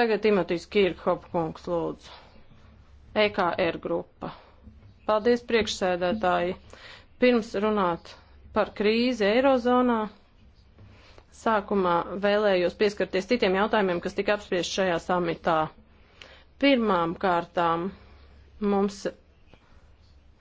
Tagad Timotīs Kirkhop kungs lūdzu. EKR grupa. Paldies priekšsēdētāji. Pirms runāt par krīzi Eirozonā, sākumā vēlējos pieskarties citiem jautājumiem, kas tika apspriest šajā samitā. Pirmām kārtām mums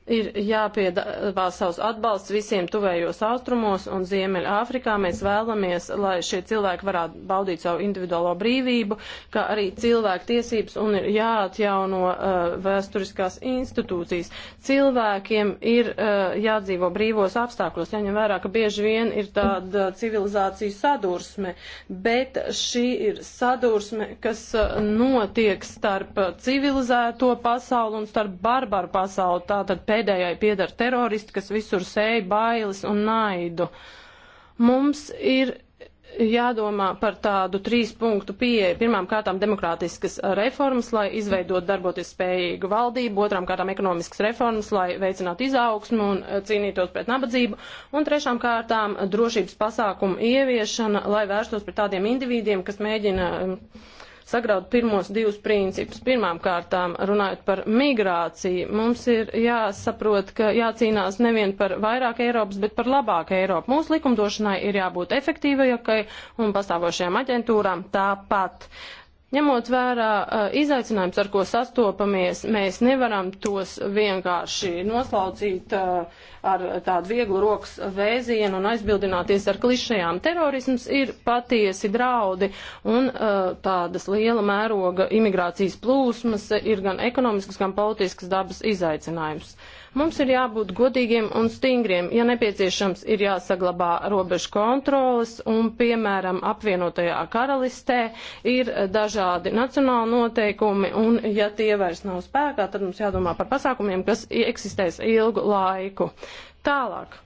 ir jāpiedāvā savs atbalsts visiem tuvējos austrumos un Ziemeļa Āfrikā. Mēs vēlamies, lai šie cilvēki varētu baudīt savu individuālo brīvību, kā arī cilvēku tiesības un ir jāatjauno uh, vēsturiskās institūcijas. Cilvēkiem ir uh, jādzīvo brīvos apstākļos, jaņem vērā, ka bieži vien ir tāda civilizācija sadursme, bet šī ir sadursme, kas uh, notiek starp civilizēto pasauli un starp barbaru pasauli. Tātad, pēdējai piedara teroristi, kas visur sēja bailes un naidu. Mums ir jādomā par tādu trīs punktu pieeju. Pirmām kārtām demokrātiskas reformas, lai izveidot darboties spējīgu valdību, otrām kārtām ekonomiskas reformas, lai veicinātu izaugsmu un eh, cīnītos pret nabadzību, un trešām kārtām drošības pasākumu ieviešana, lai vērstos pret tādiem individiem, kas mēģina uh, sagraut pirmos divus principus. Pirmām kārtām, runājot par migrāciju, mums ir jāsaprot, ka jācīnās nevien par vairāk Eiropas, bet par labāku Eiropu. Mūsu likumdošanai ir jābūt efektīvākai un pastāvošajām aģentūrām tāpat. Uh, Ņemot vērā eh, izaicinājums, ar ko sastopamies, mēs nevaram tos vienkārši noslaucīt eh, ar tādu vieglu rokas vēzienu un aizbildināties ar klišajām. Terorisms ir patiesi draudi un eh, tādas liela mēroga imigrācijas plūsmas ir gan ekonomiskas, gan politiskas dabas izaicinājums. Mums ir jābūt godīgiem un stingriem. Ja nepieciešams, ir jāsaglabā robežu kontrolas un, piemēram, apvienotajā karalistē ir dažādi nacionāli noteikumi un, ja tie vairs nav spēkā, tad mums jādomā par pasākumiem, kas eksistēs ilgu laiku. Tālāk.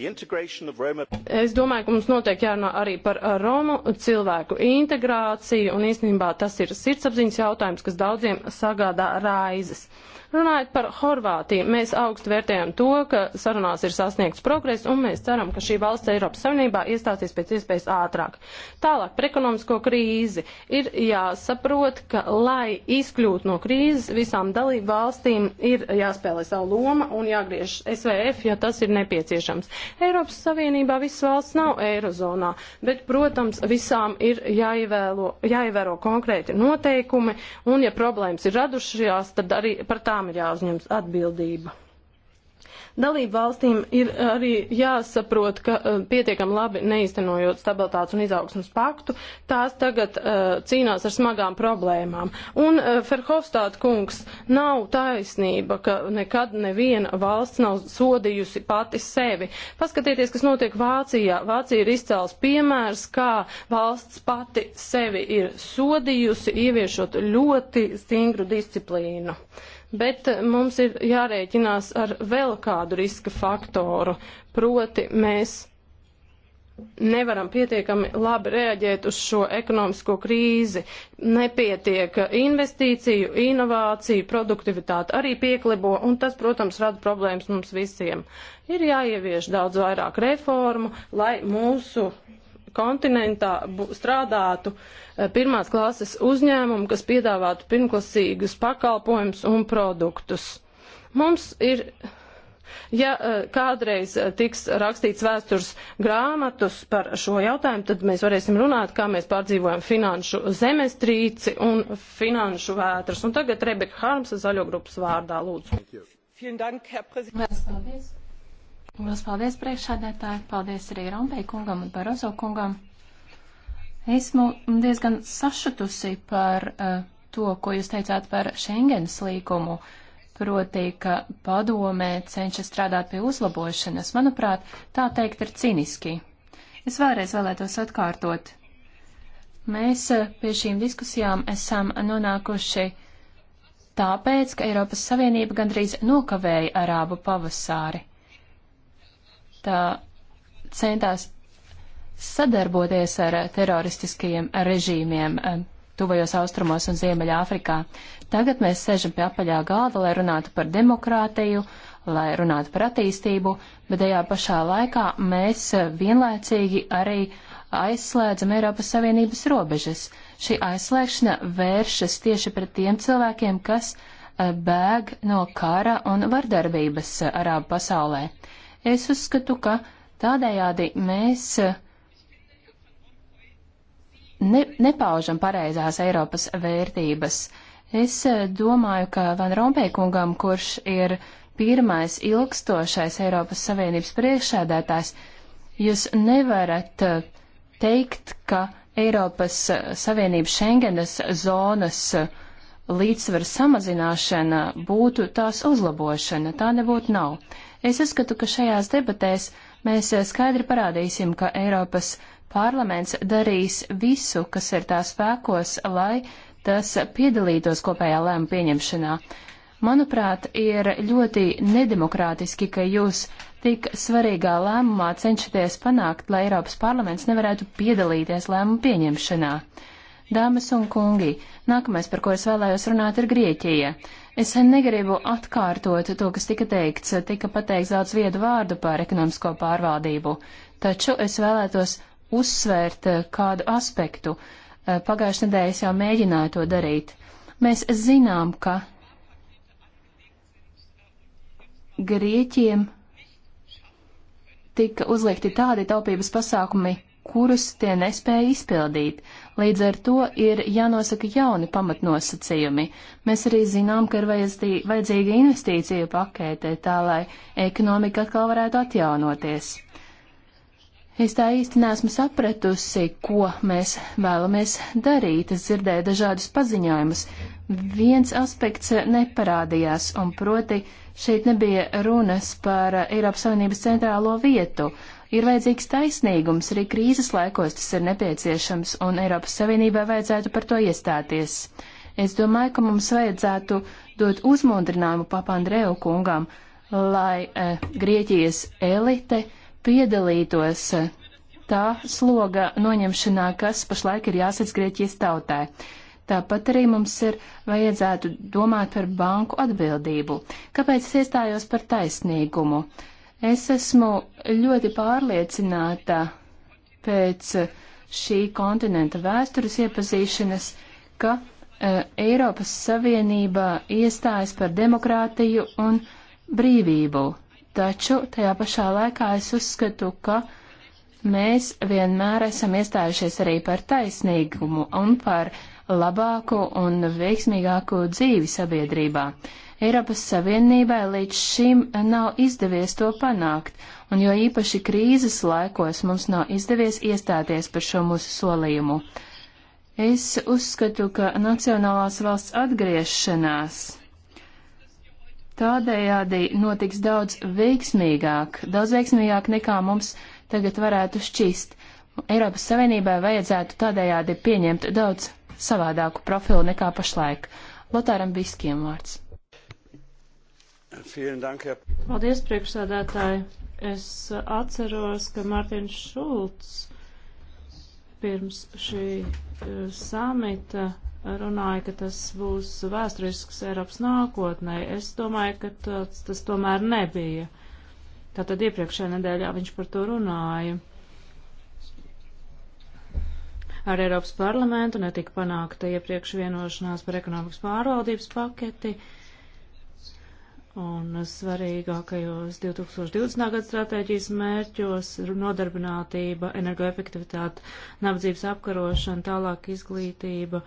Es domāju, ka mums noteikti jārunā arī par Romu cilvēku integrāciju, un īstenībā tas ir sirdsapziņas jautājums, kas daudziem sagādā raizes. Uh, Runājot par Horvātiju, mēs augstu vērtējam to, ka sarunās ir sasniegts progress, un mēs ceram, ka šī valsts Eiropas Savienībā iestāsies pēc iespējas ātrāk. Tālāk par ekonomisko krīzi ir jāsaprot, ka, lai izkļūt no krīzes, visām dalību valstīm ir jāspēlē savu loma un jāgriež SVF, ja tas ir nepieciešams. Eiropas Savienībā visas valsts nav eirozonā, bet, protams, visām ir jāievēlo, jāievēro konkrēti noteikumi, un, ja problēmas ir radušās, tad arī par tām tām ir jāuzņems atbildība. Dalību valstīm ir arī jāsaprot, ka uh, pietiekam labi neiztenojot stabilitātes un izaugsmas paktu, tās tagad uh, cīnās ar smagām problēmām. Un uh, Ferhofstāt kungs nav taisnība, ka nekad neviena valsts nav sodījusi pati sevi. Paskatieties, kas notiek Vācijā. Vācija ir izcēls piemērs, kā valsts pati sevi ir sodījusi, ieviešot ļoti stingru disciplīnu. Uh, bet mums ir jārēķinās ar vēl kādu riska faktoru, proti mēs nevaram pietiekami labi reaģēt uz šo ekonomisko krīzi. Nepietiek investīciju, inovāciju, produktivitāte arī pieklibo, un tas, protams, rada problēmas mums visiem. Ir jāievieš daudz vairāk reformu, lai mūsu kontinentā strādātu eh, pirmās klases uzņēmumu, kas piedāvātu pirmklasīgus pakalpojumus un produktus. Mums ir Ja eh, kādreiz eh, tiks rakstīts vēstures grāmatas par šo jautājumu, tad mēs varēsim runāt, kā mēs pārdzīvojam finanšu zemestrīci un finanšu vētras. Un tagad Rebeka Harmsa zaļo grupas vārdā lūdzu. Paldies. Lielas paldies priekšādētāji, paldies arī Rompei kungam un Barozo kungam. Esmu diezgan sašutusi par uh, to, ko jūs teicāt par Schengens līkumu, proti, ka padomē cenšas strādāt pie uzlabošanas. Manuprāt, tā teikt ir ciniski. Es vēlreiz vēlētos atkārtot. Mēs uh, pie šīm diskusijām esam nonākuši tāpēc, ka Eiropas Savienība gandrīz nokavēja arābu pavasāri tā centās sadarboties ar teroristiskajiem režīmiem eh, tuvajos austrumos un Ziemeļā Afrikā. Tagad mēs sežam pie apaļā galda, lai runātu par demokrātiju, lai runātu par attīstību, bet tajā pašā laikā mēs vienlaicīgi arī aizslēdzam Eiropas Savienības robežas. Šī aizslēgšana vēršas tieši pret tiem cilvēkiem, kas eh, bēg no kara un vardarbības Arābu pasaulē. Es uzskatu, ka tādējādi mēs eh, ne, nepaužam pareizās Eiropas vērtības. Es eh, domāju, ka Van Rompēkungam, kurš ir pirmais ilgstošais Eiropas Savienības priekšsēdētājs, jūs nevarat eh, teikt, ka Eiropas Savienības Schengenas zonas līdzsvara samazināšana būtu tās uzlabošana. Tā nebūtu nav. Es uzskatu, ka šajās debatēs mēs skaidri parādīsim, ka Eiropas parlaments darīs visu, kas ir tā spēkos, lai tas piedalītos kopējā lēma pieņemšanā. Manuprāt, ir ļoti nedemokrātiski, ka jūs tik svarīgā lēmumā cenšaties panākt, lai Eiropas parlaments nevarētu piedalīties lēmumu pieņemšanā. Dāmas un kungi, nākamais, par ko es vēlējos runāt, ir Grieķija. Es negribu atkārtot to, kas tika teikts, tika pateikts daudz viedu vārdu par ekonomisko pārvaldību, taču es vēlētos uzsvērt eh, kādu aspektu. Eh, pagājušajā nedēļā es jau mēģināju to darīt. Mēs zinām, ka Grieķiem tika uzliekti tādi taupības pasākumi, kurus tie nespēja izpildīt. Līdz ar to ir jānosaka jauni pamatnosacījumi. Mēs arī zinām, ka ir vajadzīga investīcija pakētē tā, lai ekonomika atkal varētu atjaunoties. Es tā īsti neesmu sapratusi, ko mēs vēlamies darīt. Es dzirdēju dažādus paziņojumus. Viens aspekts neparādījās, un proti šeit nebija runas par Eiropas Savienības centrālo vietu. Uh, Ir vajadzīgs taisnīgums, arī krīzes laikos tas ir nepieciešams, un Eiropas Savienībai vajadzētu par to iestāties. Es domāju, ka mums vajadzētu dot uzmundrinājumu papandreu kungam, lai eh, Grieķijas elite piedalītos eh, tā sloga noņemšanā, kas pašlaik ir jāsadz Grieķijas tautē. Tāpat arī mums ir vajadzētu domāt par banku atbildību. Kāpēc es iestājos par taisnīgumu? Uh, Es esmu ļoti pārliecināta pēc šī kontinenta vēstures iepazīšanas, ka uh, Eiropas Savienība iestājas par demokrātiju un brīvību, taču tajā pašā laikā es uzskatu, ka mēs vienmēr esam iestājušies arī par taisnīgumu un par labāku un veiksmīgāku dzīvi sabiedrībā. Eiropas Savienībai līdz šim nav izdevies to panākt, un jo īpaši krīzes laikos mums nav izdevies iestāties par šo mūsu solījumu. Es uzskatu, ka nacionālās valsts atgriešanās tādējādi notiks daudz veiksmīgāk, daudz veiksmīgāk nekā mums tagad varētu šķist. Eiropas Savienībai vajadzētu tādējādi pieņemt daudz savādāku profilu nekā pašlaik. Lotāram Biskiem vārds. Paldies, priekšsādātāji. Es atceros, ka Mārtiņš Šulcs pirms šī e, samita runāja, ka tas būs vēsturisks Eiropas nākotnē. Es domāju, ka tas, tas tomēr nebija. Tātad iepriekšējā nedēļā viņš par to runāja. Ar Eiropas parlamentu netika panākta iepriekš vienošanās par ekonomikas pārvaldības paketi. Uh, un svarīgākajos 2020. gada stratēģijas mērķos ir nodarbinātība, energoefektivitāte, nabadzības apkarošana, tālāk izglītība.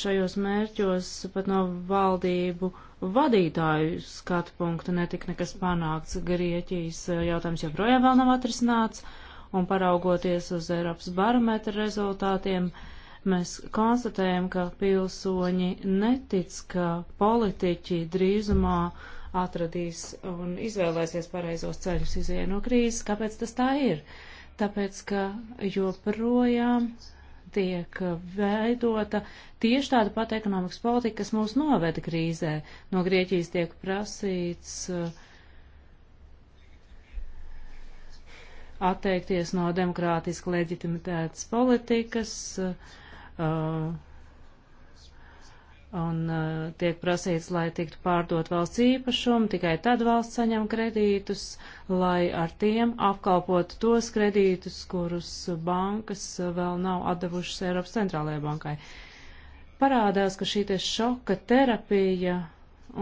Šajos mērķos pat no valdību vadītāju skatu punkta netika nekas panākts. Grieķijas eh, jautājums joprojām vēl nav atrisināts, un paraugoties uz Eiropas barometra rezultātiem, mēs konstatējam, ka pilsoņi netic, ka politiķi drīzumā uh, atradīs un izvēlēsies pareizos ceļus izējai no krīzes. Kāpēc tas tā ir? Tāpēc, ka joprojām tiek veidota tieši tāda pat ekonomikas politika, kas mūs noveda krīzē. No Grieķijas tiek prasīts uh, atteikties no demokrātiski leģitimitētas politikas, uh, un uh, tiek prasīts, lai tiktu pārdot valsts īpašumu, tikai tad valsts saņem kredītus, lai ar tiem apkalpotu tos kredītus, kurus bankas vēl nav atdevušas Eiropas centrālajai bankai. Parādās, ka šī te šoka terapija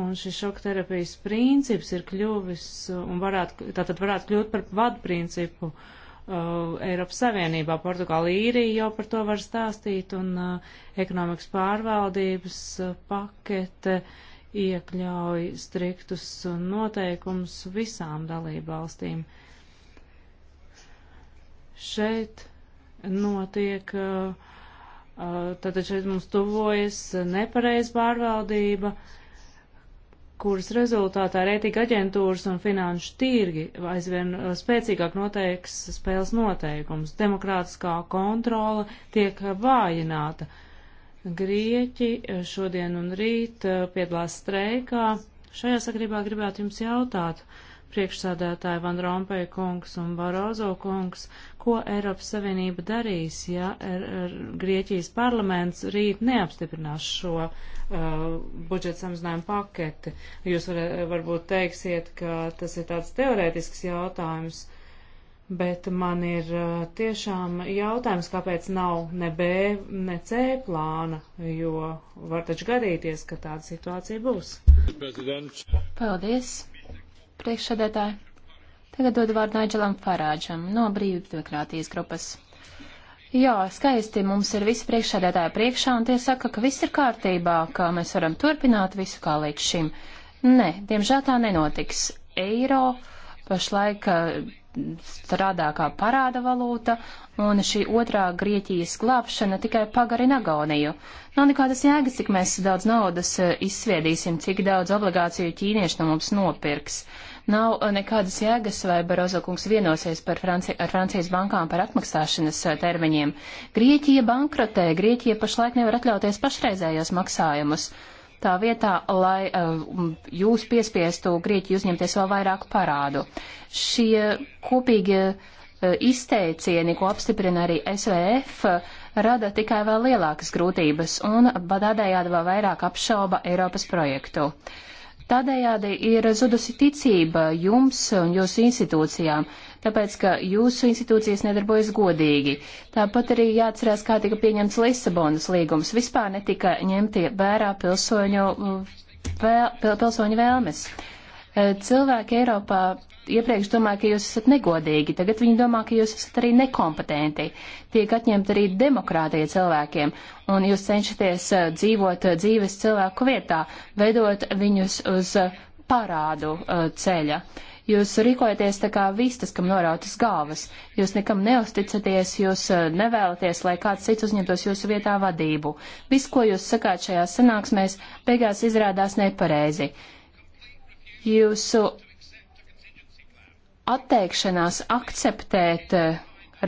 un šis šoka terapijas princips ir kļuvis un varētu, tātad varētu kļūt par vadu principu uh, uh, Eiropas Savienībā. Portugāla īrija jau par to var stāstīt, un uh, ekonomikas pārvaldības uh, pakete iekļauj striktus noteikumus visām dalībvalstīm. Šeit notiek, uh, uh, tātad šeit mums tuvojas nepareiz pārvaldība, uh, kuras rezultātā reitinga aģentūras un finanšu tirgi aizvien uh, spēcīgāk noteiks spēles noteikums. Demokrātiskā kontrola tiek vājināta. Grieķi uh, šodien un rīt uh, piedalās streikā. Šajā sakarībā gribētu jums jautāt, uh, priekšsādātāji Van Rompēja kungs un Barozo kungs, ko Eiropas Savienība darīs, ja er, er, Grieķijas parlaments rīt neapstiprinās šo uh, budžeta samazinājumu paketi. Jūs var, varbūt teiksiet, ka tas ir tāds teorētisks jautājums, bet man ir uh, tiešām jautājums, kāpēc nav ne B, ne C plāna, jo var taču gadīties, ka tāda situācija būs. Paldies! priekšsēdētāji. Tagad dod vārdu Naidželam Farāģam no Brīvības demokrātijas grupas. Jā, skaisti mums ir visi priekšsēdētāji priekšā, un tie saka, ka viss ir kārtībā, ka mēs varam turpināt visu kā līdz šim. Nē, diemžēl tā nenotiks. Eiro pašlaik eh, strādā kā parāda valūta, un šī otrā Grieķijas glābšana tikai pagarina agoniju. Nav nekādas jēgas, cik mēs daudz naudas eh, izsviedīsim, cik daudz obligāciju ķīnieši no mums nopirks. Nav eh, nekādas jēgas, vai Barozo kungs vienosies par Franci ar Francijas bankām par atmaksāšanas eh, termiņiem. Grieķija bankrotē, Grieķija pašlaik nevar atļauties pašreizējos maksājumus. Tā vietā, lai eh, jūs piespiestu Grieķiju uzņemties vēl vairāk parādu. Šie kopīgi izteicieni, ko apstiprina arī SVF, rada tikai vēl lielākas grūtības un tādējādi vēl vairāk apšauba Eiropas projektu. Uh, Tādējādi ir zudusi ticība jums un jūsu institūcijām, tāpēc, ka jūsu institūcijas nedarbojas godīgi. Tāpat arī jāatcerās, kā tika pieņemts Lisabonas līgums. Vispār netika ņemti vērā pilsoņu, mm, vēl, pilsoņu vēlmes. E, cilvēki Eiropā iepriekš domāja, ka jūs esat negodīgi, tagad viņi domā, ka jūs esat arī nekompetenti. Tiek atņemta arī demokrātija cilvēkiem, un jūs cenšaties uh, dzīvot uh, dzīves cilvēku vietā, veidot viņus uz uh, parādu ceļa. Jūs rīkojaties tā kā vistas, kam norautas galvas. Jūs nekam neusticaties, jūs nevēlaties, lai kāds cits uzņemtos jūsu vietā vadību. Viss, ko jūs sakāt šajā sanāksmēs, beigās izrādās nepareizi. Jūsu atteikšanās akceptēt eh,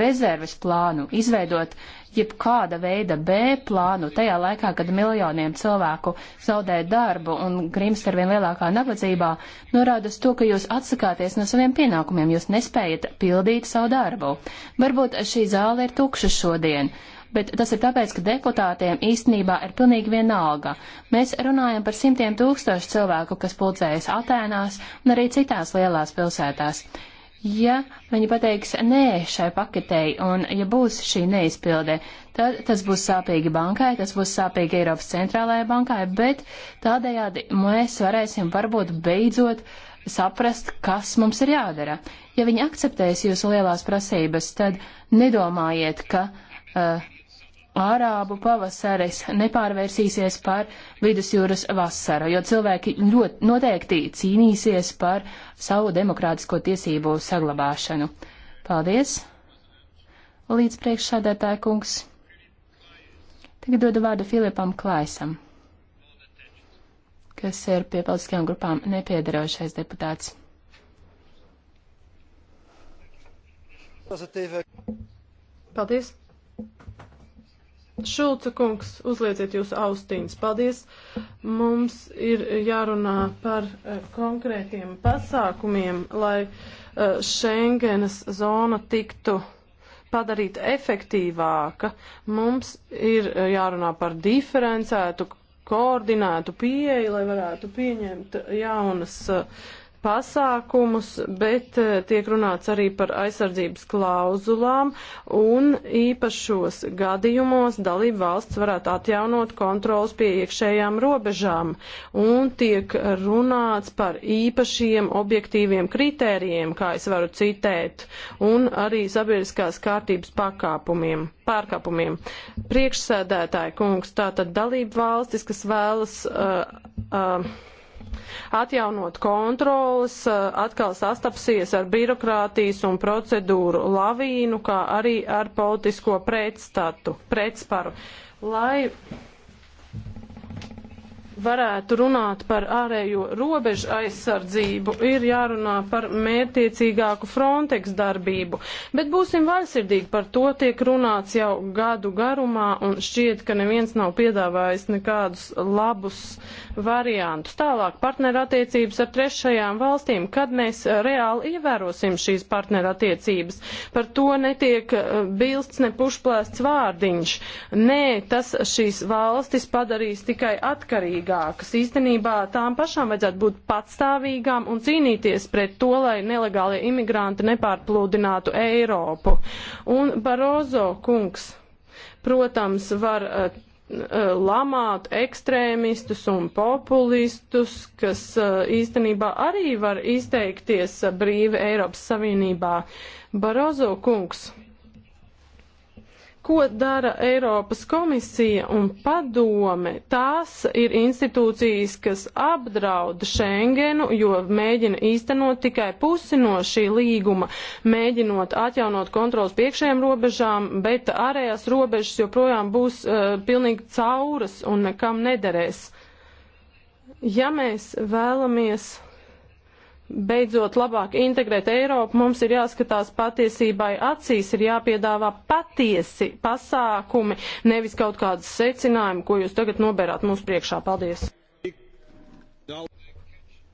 rezerves plānu, izveidot jebkāda veida B plānu tajā laikā, kad miljoniem cilvēku zaudē darbu un grimst ar vien lielākā nabadzībā, norāda uz to, ka jūs atsakāties no saviem pienākumiem, jūs nespējat pildīt savu darbu. Varbūt šī zāle ir tukša šodien. Bet tas ir tāpēc, ka deputātiem īstenībā ir pilnīgi vienalga. Mēs runājam par simtiem tūkstošu cilvēku, kas pulcējas Atēnās un arī citās lielās pilsētās. Ja viņi pateiks nē šai paketei un ja būs šī neizpilde, tad tas būs sāpīgi bankai, tas būs sāpīgi Eiropas centrālajai bankai, bet tādējādi mēs varēsim varbūt beidzot saprast, kas mums ir jādara. Ja viņi akceptēs jūsu lielās prasības, tad nedomājiet, ka uh, ārābu pavasaris nepārvērsīsies par vidusjūras vasaru, jo cilvēki ļoti noteikti cīnīsies par savu demokrātisko tiesību saglabāšanu. Paldies! Līdz priekšsādētāja kungs. Tagad dodu vārdu Filipam Klaisam, kas ir pie politiskajām grupām nepiedarošais deputāts. Paldies! Šulca kungs, uzlieciet jūsu austiņas. Paldies. Mums ir jārunā par eh, konkrētiem pasākumiem, lai eh, Schengenas zona tiktu padarīta efektīvāka. Mums ir eh, jārunā par diferencētu koordinētu pieeju, lai varētu pieņemt jaunas uh, pasākumus, bet eh, tiek runāts arī par aizsardzības klauzulām un īpašos gadījumos dalību valsts varētu atjaunot kontrols pie iekšējām robežām un tiek runāts par īpašiem objektīviem kritērijiem, kā es varu citēt, un arī sabiedriskās kārtības pakāpumiem, pārkāpumiem. Priekšsēdētāji kungs, tātad dalību valstis, kas vēlas uh, uh, Atjaunot kontrolas, atkal sastapsies ar birokrātijas un procedūru lavīnu, kā arī ar politisko pretstatu, pretsparu. Lai varētu runāt par ārējo robežu aizsardzību, ir jārunā par mērtiecīgāku Frontex darbību. Bet būsim vaļsirdīgi, par to tiek runāts jau gadu garumā un šķiet, ka neviens nav piedāvājis nekādus labus variantus. Tālāk partnerattiecības ar trešajām valstīm, kad mēs reāli ievērosim šīs partnerattiecības. Par to netiek eh, bilsts ne pušplēsts vārdiņš. Nē, tas šīs valstis padarīs tikai atkarīgi spēcīgākas. Īstenībā tām pašām vajadzētu būt patstāvīgām un cīnīties pret to, lai nelegālie imigranti nepārplūdinātu Eiropu. Un Barozo kungs, protams, var uh, lamāt ekstrēmistus un populistus, kas uh, īstenībā arī var izteikties brīvi Eiropas Savienībā. Barozo kungs ko dara Eiropas komisija un padome, tās ir institūcijas, kas apdraud Schengenu, jo mēģina īstenot tikai pusi no šī līguma, mēģinot atjaunot kontrols piekšējām robežām, bet ārējās robežas joprojām būs uh, pilnīgi cauras un nekam nederēs. Ja mēs vēlamies beidzot labāk integrēt Eiropu, mums ir jāskatās patiesībai acīs, ir jāpiedāvā patiesi pasākumi, nevis kaut kādas secinājumi, ko jūs tagad noberāt mūsu priekšā. Paldies!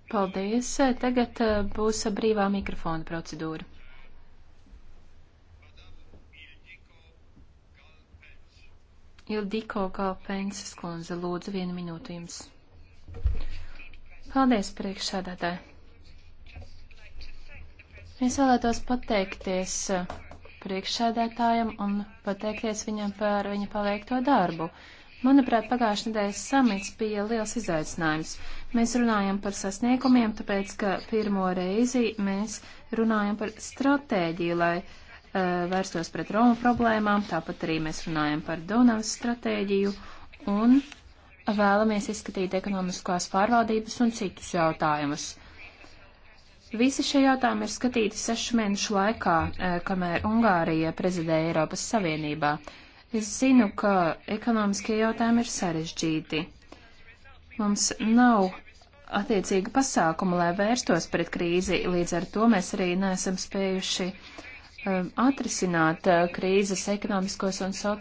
Paldies! Tagad eh, būs brīvā mikrofona procedūra. Ildiko Galpensas kundze, lūdzu vienu minūtu jums. Paldies, priekšsādātāji! Es vēlētos pateikties uh, priekšsēdētājam un pateikties viņam par viņa paveikto darbu. Manuprāt, pagājušā nedēļas samits bija liels izaicinājums. Mēs runājam par sasniegumiem, tāpēc, ka pirmo reizi mēs runājam par stratēģiju, lai uh, vērstos pret Romu problēmām, tāpat arī mēs runājam par Donavas stratēģiju un vēlamies izskatīt ekonomiskās pārvaldības un citus jautājumus. Uh, Visi šie jautājumi ir skatīti sešu mēnešu laikā, eh, kamēr Ungārija prezidēja Eiropas Savienībā. Es zinu, ka ekonomiskie jautājumi ir sarežģīti. Mums nav attiecīga pasākuma, lai vērstos pret krīzi, līdz ar to mēs arī neesam spējuši eh, atrisināt eh, krīzes ekonomiskos un so,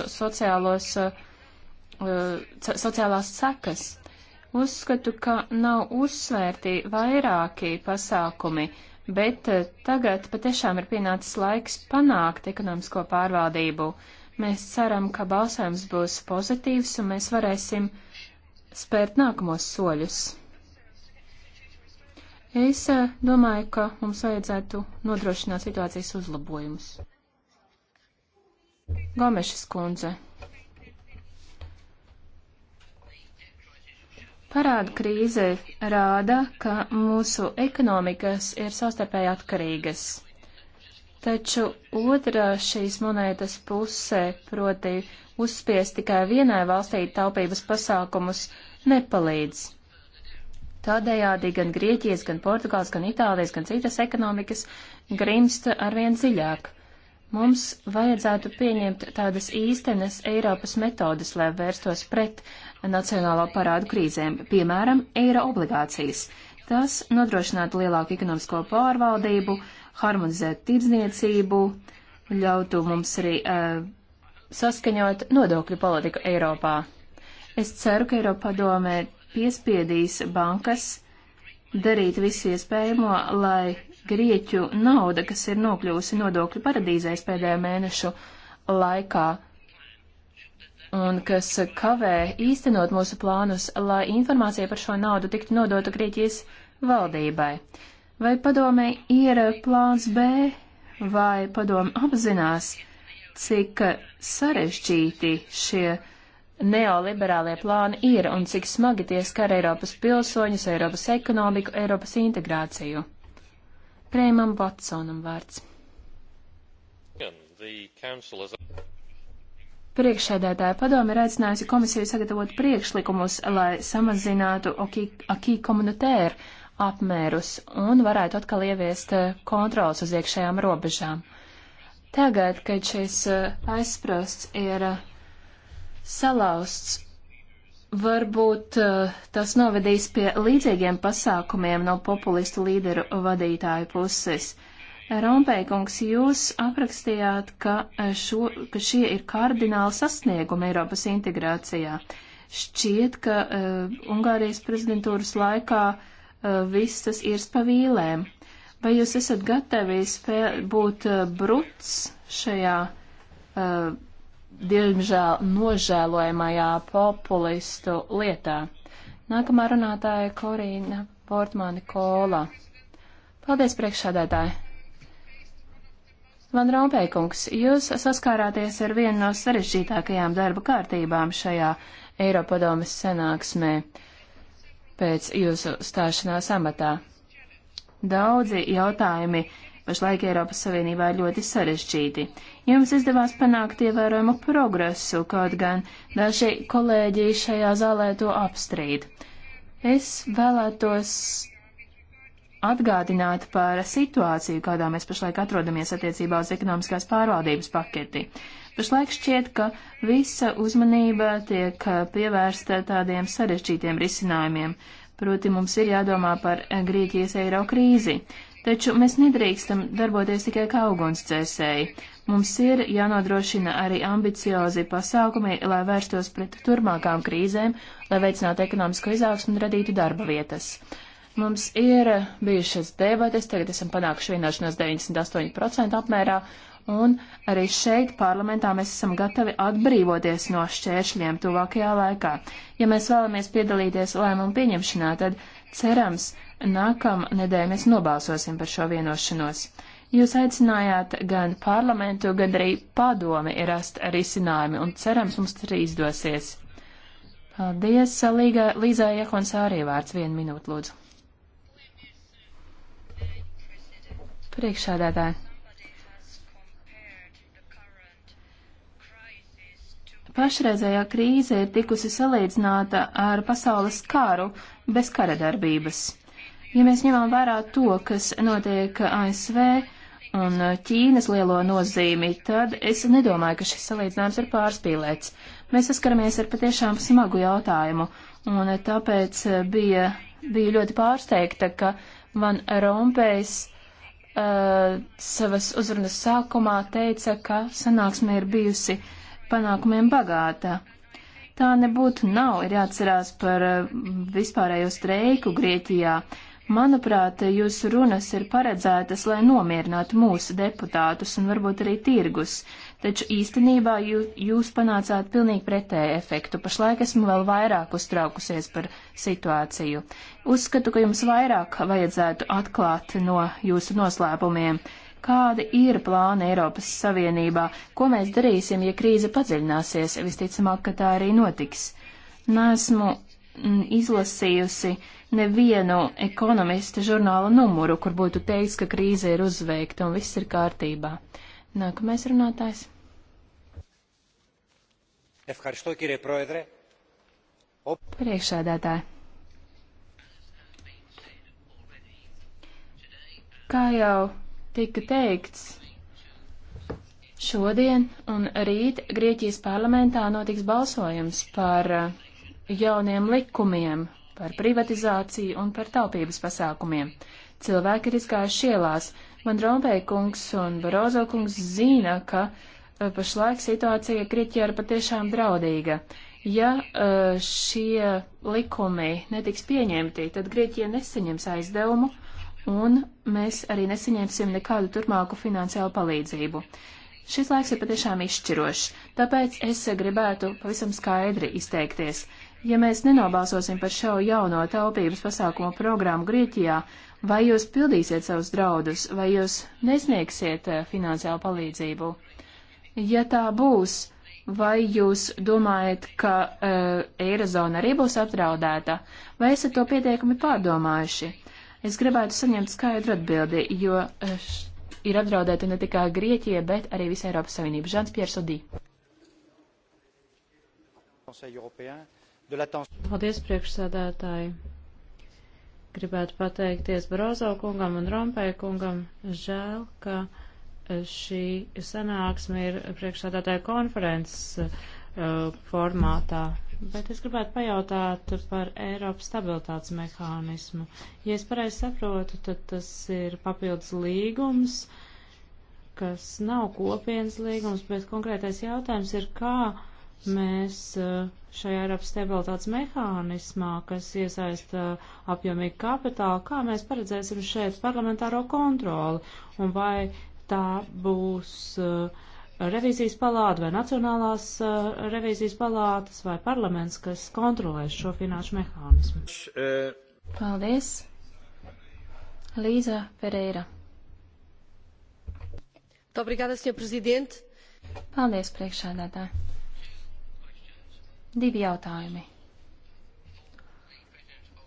sociālos, sociālās sekas. Uzskatu, ka nav uzsvērti vairāki pasākumi, bet eh, tagad patiešām ir pienācis laiks panākt ekonomisko pārvaldību. Mēs ceram, ka balsojums būs pozitīvs un mēs varēsim spērt nākamos soļus. Es eh, domāju, ka mums vajadzētu nodrošināt situācijas uzlabojumus. Gomešas kundze. Parāda krīze rāda, ka mūsu ekonomikas ir savstarpēji atkarīgas. Taču otrā šīs monētas pusē, proti uzspies tikai vienai valstī taupības pasākumus, nepalīdz. Tādējādi gan Grieķijas, gan Portugāls, gan Itālijas, gan citas ekonomikas grimsta arvien dziļāk. Mums vajadzētu pieņemt tādas īstenes Eiropas metodas, lai vērstos pret nacionālo parādu krīzēm, piemēram, eiro obligācijas. Tas nodrošinātu lielāku ekonomisko pārvaldību, harmonizētu tirdzniecību, ļautu mums arī uh, saskaņot nodokļu politiku Eiropā. Es ceru, ka Eiropa padomē piespiedīs bankas darīt visu iespējamo, lai grieķu nauda, kas ir nokļūsi nodokļu paradīzēs pēdējo mēnešu laikā, un kas kavē īstenot mūsu plānus, lai informācija par šo naudu tiktu nodota Grieķijas valdībai. Vai padomē ir plāns B, vai padomē apzinās, cik sarežģīti šie neoliberālie plāni ir un cik smagi tie skar Eiropas pilsoņus, Eiropas ekonomiku, Eiropas integrāciju. Prēmam Watsonam vārds. Priekšsēdētāja padome ir aicinājusi komisiju sagatavot priekšlikumus, lai samazinātu akī komunitēru apmērus un varētu atkal ieviest eh, kontrols uz iekšējām robežām. Tagad, kad šis eh, aizsprosts ir eh, salausts, varbūt tas novedīs pie līdzīgiem pasākumiem no populistu līderu vadītāju puses. Rompēkungs, jūs aprakstījāt, ka, e, šo, ka šie ir kardināli sasniegumi Eiropas integrācijā. Šķiet, ka uh, Ungārijas prezidentūras laikā uh, e, visas ir spavīlēm. Vai jūs esat gatavi spēl, būt uh, bruts šajā, uh, diemžēl, nožēlojamajā populistu lietā? Nākamā runātāja Korīna Portmāni Kola. Paldies priekšsādētāji! Man Rompēkungs, jūs saskārāties ar vienu no sarežģītākajām darba kārtībām šajā Eiropadomes sanāksmē pēc jūsu stāšanās amatā. Daudzi jautājumi pašlaik Eiropas Savienībā ir ļoti sarežģīti. Jums izdevās panākt ievērojumu progresu, kaut gan daži kolēģi šajā zālē to apstrīd. Es vēlētos atgādināt par situāciju, kādā mēs pašlaik atrodamies attiecībā uz ekonomiskās pārvaldības paketi. Pašlaik šķiet, ka visa uzmanība tiek pievērsta tādiem sarežģītiem risinājumiem, proti mums ir jādomā par Grieķijas eiro krīzi. Taču mēs nedrīkstam darboties tikai kā ugunsdzēsēji. Mums ir jānodrošina arī ambiciozi pasākumi, lai vērstos pret turmākām krīzēm, lai veicinātu ekonomisko izaugsmu un radītu darba vietas. Mums ir bijušas debates, tagad esam panākuši vienošanos 98% apmērā, un arī šeit parlamentā mēs esam gatavi atbrīvoties no šķēršļiem tuvākajā laikā. Ja mēs vēlamies piedalīties lēmumu pieņemšanā, tad cerams, nākam nedēļ mēs nobalsosim par šo vienošanos. Jūs aicinājāt gan parlamentu, gan arī padomi rast risinājumi, un cerams, mums tas arī izdosies. Paldies, Līgai Jākonsārī vārds vienu minūtu lūdzu. Priekšsēdētāji. Pašreizējā krīze ir tikusi salīdzināta ar pasaules karu bez karadarbības. Ja mēs ņemam vērā to, kas notiek ASV un Ķīnas lielo nozīmi, tad es nedomāju, ka šis salīdzinājums ir pārspīlēts. Mēs saskaramies ar patiešām smagu jautājumu, un tāpēc bija, bija ļoti pārsteigta, ka Van Rompējs uh, savas uzrunas sākumā teica, ka sanāksme ir bijusi panākumiem bagāta. Tā nebūtu nav, ir jāatcerās par uh, vispārējo streiku Grieķijā. Manuprāt, jūsu runas ir paredzētas, lai nomierinātu mūsu deputātus un varbūt arī tirgus. Uh, taču īstenībā jū, jūs panācāt pilnīgi pretēju efektu. Pašlaik esmu vēl vairāk uztraukusies par situāciju. Uzskatu, ka jums vairāk vajadzētu atklāt no jūsu noslēpumiem. Kādi ir plāni Eiropas Savienībā? Ko mēs darīsim, ja krīze padziļināsies? Visticamāk, ka tā arī notiks. Nesmu mm, izlasījusi nevienu ekonomista žurnāla numuru, kur būtu teikts, ka krīze ir uzveikta un viss ir kārtībā. Uh, Nākamais runātājs. Priekšsēdētāji. Kā jau tika teikts, šodien un rīt Grieķijas parlamentā notiks balsojums par uh, jauniem likumiem, par privatizāciju un par taupības pasākumiem. Cilvēki ir izgājuši ielās. Man Rompēja kungs un Barozo kungs zina, ka e, pašlaik situācija Grieķijā ir patiešām draudīga. Ja e, šie likumi netiks pieņemti, tad Grieķija nesaņems aizdevumu un mēs arī nesaņemsim nekādu turpmāku finansiālu palīdzību. Šis laiks ir patiešām izšķirošs, tāpēc es gribētu pavisam skaidri izteikties. Ja mēs nenobalsosim par šo jauno taupības pasākumu programmu Grieķijā, Vai jūs pildīsiet savus draudus, vai jūs nesniegsiet eh, finansiālu palīdzību? Ja tā būs, vai jūs domājat, ka uh, Eirozona arī būs apdraudēta, vai esat to pietiekami pārdomājuši? Es gribētu saņemt skaidru atbildi, jo uh, ir apdraudēta ne tikai Grieķija, bet arī visa Eiropas Savienība. Žants Piers Odī. Paldies, priekšsēdētāji. Gribētu pateikties Barozo kungam un Rompēja kungam. Žēl, ka e, šī sanāksme ir priekšsādātāja konferences uh, formātā. Bet es gribētu pajautāt par Eiropas stabilitātes mehānismu. Ja es pareizi saprotu, tad tas ir papildus līgums, kas nav kopienas līgums, bet konkrētais jautājums ir, kā mēs eh, šajā Eiropas stabilitātes mehānismā, kas iesaista eh, apjomīgu kapitālu, kā mēs paredzēsim šeit parlamentāro kontroli un vai tā būs eh, revīzijas palāta vai nacionālās revīzijas palātas vai parlaments, kas kontrolēs šo finanšu mehānismu. Paldies. Līza Pereira. Obrigada, senhor presidente. Paldies, priekšādātāji. Divi jautājumi.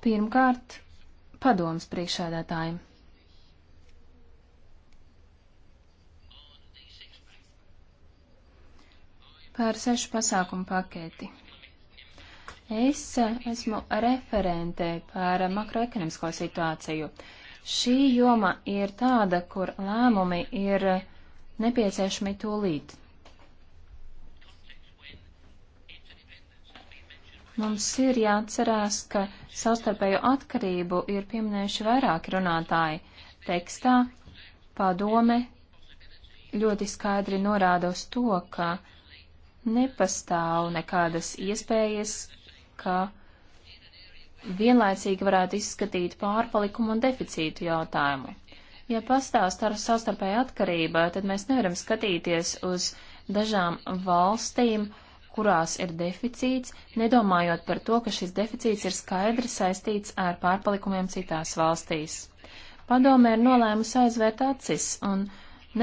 Pirmkārt, padoms priekšādātājiem. Par sešu pasākumu paketi. Es eh, esmu referente par makroekonomisko situāciju. Šī joma ir tāda, kur lēmumi ir nepieciešami tūlīt. Mums ir jāatcerās, ka savstarpējo atkarību ir pieminējuši vairāki runātāji. Tekstā padome ļoti skaidri norāda uz to, ka nepastāv nekādas iespējas, ka vienlaicīgi varētu izskatīt pārpalikumu un deficītu jautājumu. Ja pastāv savstarpēja atkarība, tad mēs nevaram skatīties uz dažām valstīm, uh, kurās ir deficīts, nedomājot par to, ka šis deficīts ir skaidri saistīts ar pārpalikumiem citās valstīs. Padome ir nolēmusi aizvērt acis un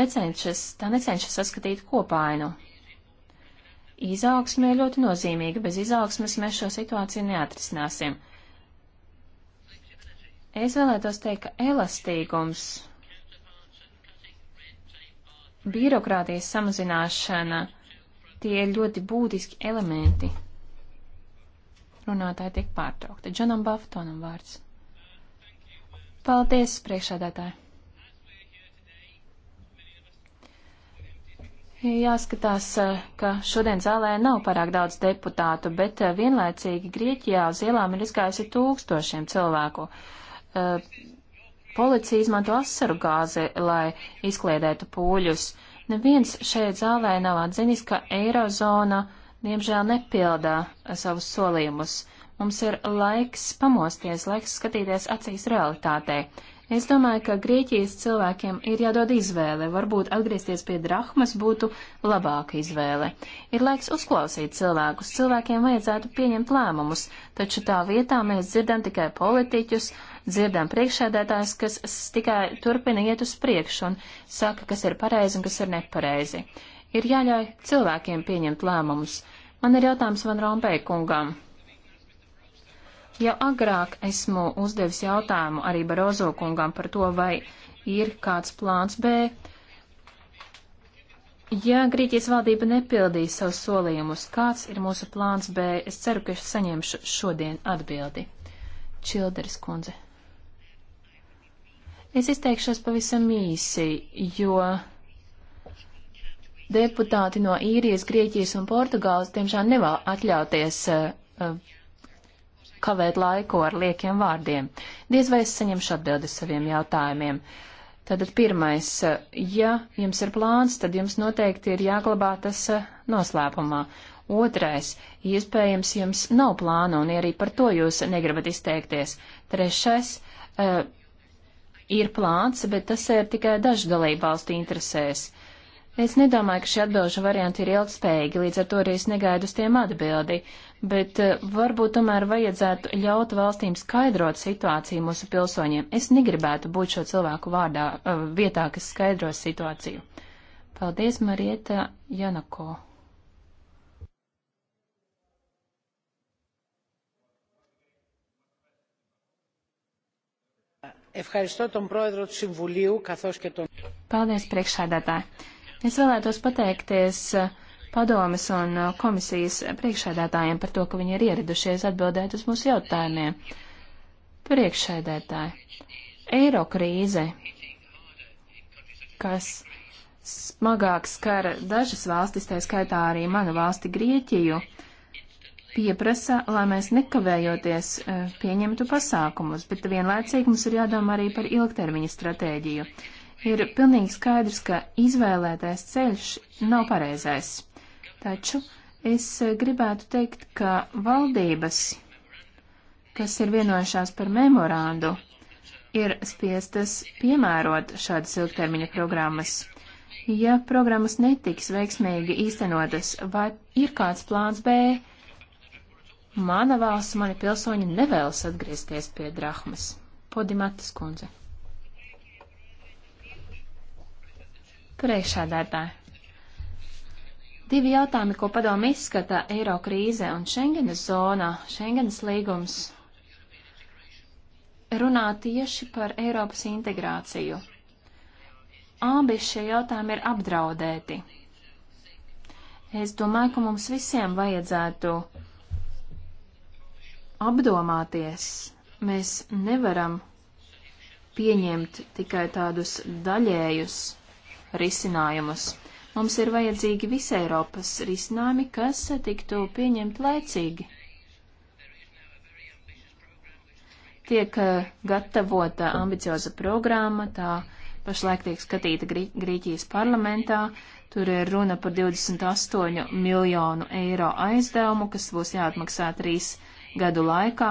necenšas, tā necenšas saskatīt kopainu. Izaugsme ir ļoti nozīmīga, bez izaugsmes mēs šo situāciju neatrisināsim. Es vēlētos teikt, ka elastīgums, birokrātijas samazināšana, Tie ir ļoti būtiski elementi. Runātāji tiek pārtraukti. Džonam Baftonam vārds. Paldies, priekšādātāji! Jāskatās, ka šodien zālē nav pārāk daudz deputātu, bet eh, vienlaicīgi Grieķijā uz ielām ir izgājusi tūkstošiem cilvēku. Eh, policija izmanto asaru gāzi, lai izkliedētu pūļus. Neviens šeit zālē nav atzinis, ka Eirozona diemžēl nepildā savus solījumus. Mums ir laiks pamosties, laiks skatīties acīs realitātei. Es domāju, ka Grieķijas cilvēkiem ir jādod izvēle. Varbūt atgriezties pie drahmas būtu labāka izvēle. Ir laiks uzklausīt cilvēkus. Cilvēkiem vajadzētu pieņemt lēmumus, taču tā vietā mēs dzirdam tikai politiķus, dzirdam priekšēdētājs, kas tikai turpina iet uz priekšu un saka, kas ir pareizi un kas ir nepareizi. Ir jāļauj cilvēkiem pieņemt lēmumus. Man ir jautājums Van Rompēkungam. Jau agrāk esmu uzdevis jautājumu arī Barozo kungam par to, vai ir kāds plāns B. Ja Grieķijas valdība nepildīs savus solījumus, kāds ir mūsu plāns B? Es ceru, ka es saņemšu šodien atbildi. Čilderis kundze. Es izteikšos pavisam īsi, jo deputāti no īrijas, Grieķijas un Portugāles, diemžēl nevēl atļauties uh, kavēt laiku ar liekiem vārdiem. Diez vai es saņemšu atbildi saviem jautājumiem. Tātad pirmais, ja jums ir plāns, tad jums noteikti ir jāglabā tas eh, noslēpumā. Otrais, iespējams, jums nav plāna un arī par to jūs negribat izteikties. Trešais, uh, ir plāns, bet tas ir tikai dažu dalību valstu interesēs. Es nedomāju, ka šie atbilžu varianti ir ilgspējīgi, līdz ar to arī es negaidu uz tiem atbildi. Uh, bet eh, varbūt tomēr vajadzētu ļaut valstīm skaidrot situāciju mūsu pilsoņiem. Es negribētu būt šo cilvēku vārdā, eh, vietā, kas skaidros situāciju. Paldies, Marieta Janako. Paldies, priekšsēdētāji. Es vēlētos pateikties uh, padomes un uh, komisijas priekšsēdētājiem par to, ka viņi ir ieradušies atbildēt uz mūsu jautājumiem. Priekšsēdētāji, eiro krīze, kas smagāk skar dažas valstis, tā skaitā arī manu valsti Grieķiju, pieprasa, lai mēs nekavējoties uh, pieņemtu pasākumus, bet vienlaicīgi mums ir jādomā arī par ilgtermiņa stratēģiju. Ir pilnīgi skaidrs, ka izvēlētais ceļš nav pareizais. Taču es gribētu teikt, ka valdības, kas ir vienojušās par memorandu, ir spiestas piemērot šādas ilgtermiņa programmas. Ja programmas netiks veiksmīgi īstenotas, vai ir kāds plāns B? Mana valsts, mani pilsoņi nevēlas atgriezties pie drahmas. Podimatas kundze. Priekšādātāji. Divi jautājumi, ko padomu izskata - eiro krīze un Schengenas zona, Schengenas līgums, runā tieši par Eiropas integrāciju. Abi šie jautājumi ir apdraudēti. Es domāju, ka mums visiem vajadzētu apdomāties. Mēs nevaram pieņemt tikai tādus daļējus risinājumus. Mums ir vajadzīgi visai Eiropas risinājumi, kas tiktu pieņemt laicīgi. Tiek eh, gatavota ambicioza programma, tā pašlaik tiek skatīta Grieķijas parlamentā. Tur ir runa par 28 miljonu eiro aizdevumu, kas būs jāatmaksā trīs gadu laikā.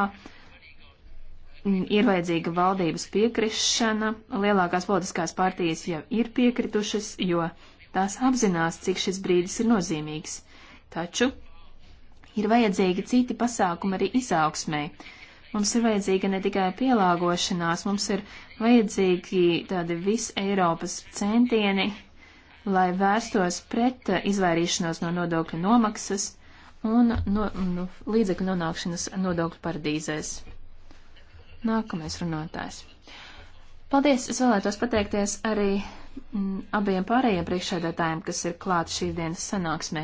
Mm, ir vajadzīga valdības piekrišana. Lielākās politiskās partijas jau ir piekritušas, jo Tās apzinās, cik šis brīdis ir nozīmīgs. Taču ir vajadzīgi citi pasākumi arī izaugsmē. Mums ir vajadzīga ne tikai pielāgošanās, mums ir vajadzīgi tādi visi Eiropas centieni, lai vērstos pret izvairīšanos no nodokļu nomaksas un no, nu, līdzekļu nonākšanas nodokļu paradīzēs. Nākamais runātājs. Paldies! Es vēlētos pateikties arī Mm, abiem pārējiem priekšsēdētājiem, kas ir klāt šīs dienas sanāksmē.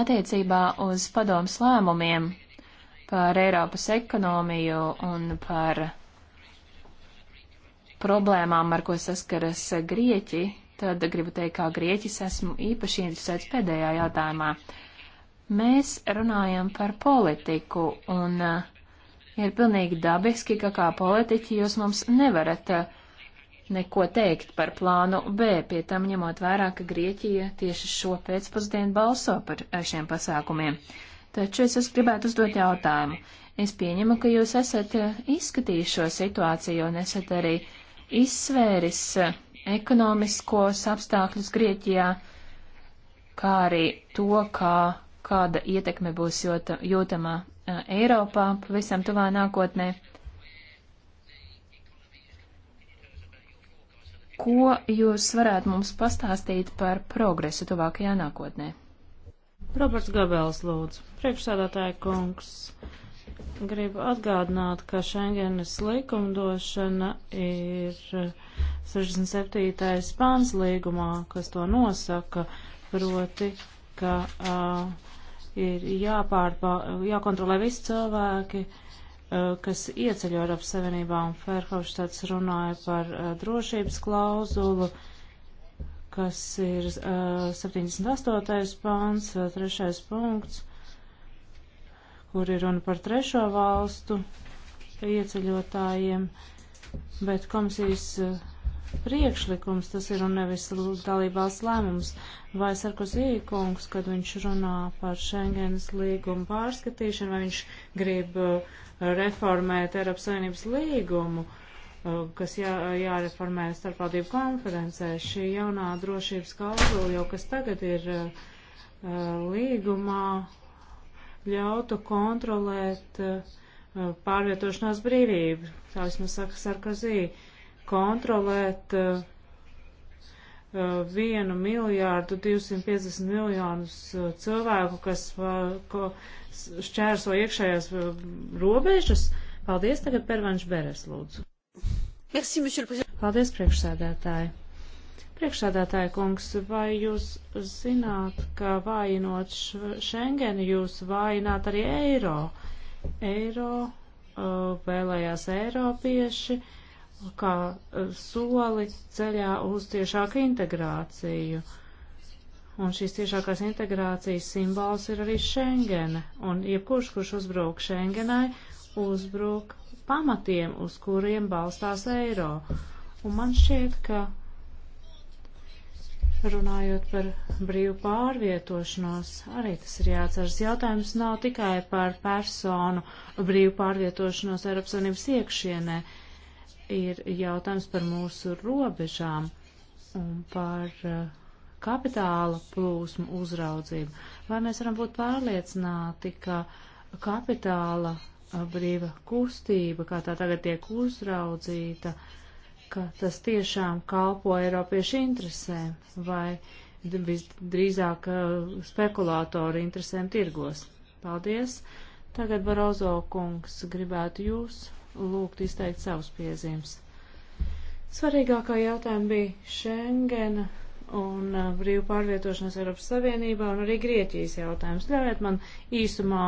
Attiecībā uz padomus lēmumiem par Eiropas ekonomiju un par problēmām, ar ko saskaras Grieķi, tad gribu teikt, kā Grieķis esmu īpaši interesēts pēdējā jautājumā. Mēs runājam par politiku un eh, ir pilnīgi dabiski, ka kā politiķi jūs mums nevarat uh, neko teikt par plānu B, pie tam ņemot vērā, ka Grieķija tieši šo pēcpusdienu balso par šiem pasākumiem. Taču es gribētu uzdot jautājumu. Es pieņemu, ka jūs esat izskatījis šo situāciju un esat arī izsvēris ekonomiskos apstākļus Grieķijā, kā arī to, kā, kāda ietekme būs jūtama Eiropā pavisam tuvā nākotnē. Ko jūs varētu mums pastāstīt par progresu tuvākajā nākotnē? Roberts Gabels lūdzu. Priekšsēdētāja kungs. Gribu atgādināt, ka Schengenes likumdošana ir 67. pāns līgumā, kas to nosaka, proti, ka uh, ir jāpārpā, jākontrolē visi cilvēki, uh, Eh, kas ieceļo Eiropas Savienībā, un Ferhofstads runāja par eh, drošības klauzulu, kas ir 78. pāns, 3. punkts, kur ir runa par trešo valstu ieceļotājiem, bet komisijas eh, priekšlikums tas ir un nevis dalībās lēmums. Vai Sarkozī kungs, kad viņš runā par Schengenas līgumu pārskatīšanu, vai viņš grib uh, reformēt Eiropas Savienības līgumu, uh, kas jā, jāreformē starpvaldību konferencē. Šī jaunā drošības klauzula jau kas tagad ir uh, uh, līgumā ļautu kontrolēt pārvietošanās brīvību, tā vismaz saka Sarkozī, kontrolēt uh, vienu miljārdu 250 miljonus uh, cilvēku, kas uh, ko, šķērso iekšējās uh, robežas. Paldies, tagad Pervanš Beres, lūdzu. Merci, Paldies, priekšsēdētāji. Priekšsēdētāja kungs, vai jūs zināt, ka vājinot Schengeni, jūs vājināt arī eiro? Eiro vēlējās eiropieši. Uh, kā eh, soli ceļā uz tiešāku integrāciju. Un šīs tiešākās integrācijas simbols ir arī Schengene. Un jebkurš, kurš uzbrūk Schengenai, uzbrūk pamatiem, uz kuriem balstās eiro. Un man šķiet, ka runājot par brīvu pārvietošanos, arī tas ir jāatceras. Jautājums nav tikai par personu brīvu pārvietošanos Eiropas Savienības iekšienē. Uh, ir jautājums par mūsu robežām un par eh, kapitāla plūsmu uzraudzību. Vai mēs varam būt pārliecināti, ka kapitāla eh, brīva kustība, kā tā tagad tiek uzraudzīta, ka tas tiešām kalpo Eiropiešu interesēm vai visdrīzāk eh, spekulātoru interesēm tirgos. Paldies! Tagad Barozo kungs gribētu jūs lūgtu izteikt savus piezīmes. Svarīgākā jautājuma bija Schengena un uh, brīvu pārvietošanās Eiropas Savienībā un arī Grieķijas jautājums. Ļaujiet man īsumā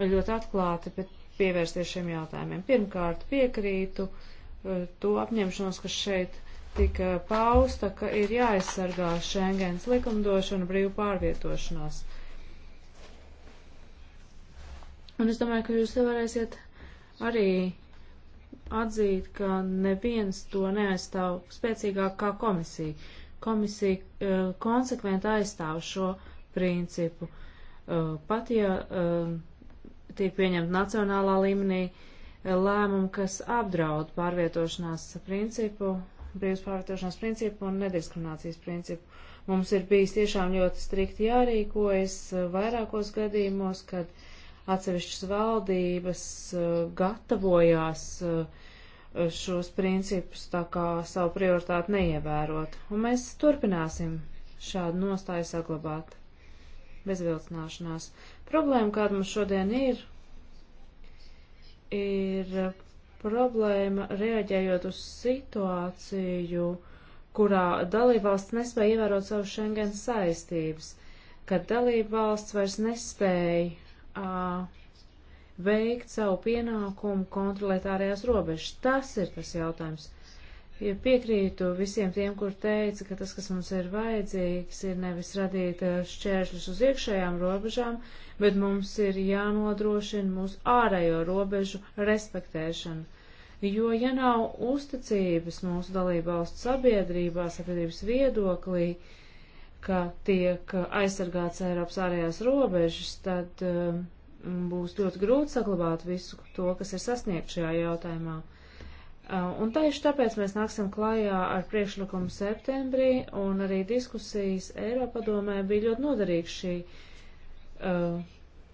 ļoti atklāti pievērsties šiem jautājumiem. Pirmkārt, piekrītu uh, to apņemšanos, kas šeit tika pausta, ka ir jāaizsargā Schengens likumdošana brīvu pārvietošanās. Un es domāju, ka jūs varēsiet arī atzīt, ka neviens to neaizstāv spēcīgāk kā komisija. Komisija uh, konsekventi aizstāv šo principu. Uh, pat ja uh, tiek pieņemta nacionālā līmenī lēmumu, kas apdraud pārvietošanās principu, brīvas pārvietošanās principu un nediskriminācijas principu. Mums ir bijis tiešām ļoti strikti jārīkojas vairākos gadījumos, kad uh, Atsevišķas valdības uh, gatavojās uh, šos principus tā kā savu prioritāti neievērot, un mēs turpināsim šādu nostāju saglabāt bez vilcināšanās. Problēma, kāda mums šodien ir, ir problēma reaģējot uz situāciju, kurā dalībvalsts nespēja ievērot savu Schengen saistības, kad dalībvalsts vairs nespēja uh, veikt savu pienākumu kontrolēt ārējās robežas. Tas ir tas jautājums. Ja piekrītu visiem tiem, kur teica, ka tas, kas mums ir vajadzīgs, ir nevis radīt šķēršļus uz iekšējām robežām, bet mums ir jānodrošina mūsu ārējo robežu respektēšanu. Jo, ja nav uzticības mūsu dalībvalstu sabiedrībā, sabiedrības viedoklī, uh, ka tiek aizsargāts Eiropas ārējās robežas, tad uh, būs ļoti grūti saglabāt visu to, kas ir sasniegt šajā jautājumā. Uh, un tieši tāpēc mēs nāksim klajā ar priekšlikumu septembrī, un arī diskusijas Eiropadomē bija ļoti noderīga šī uh,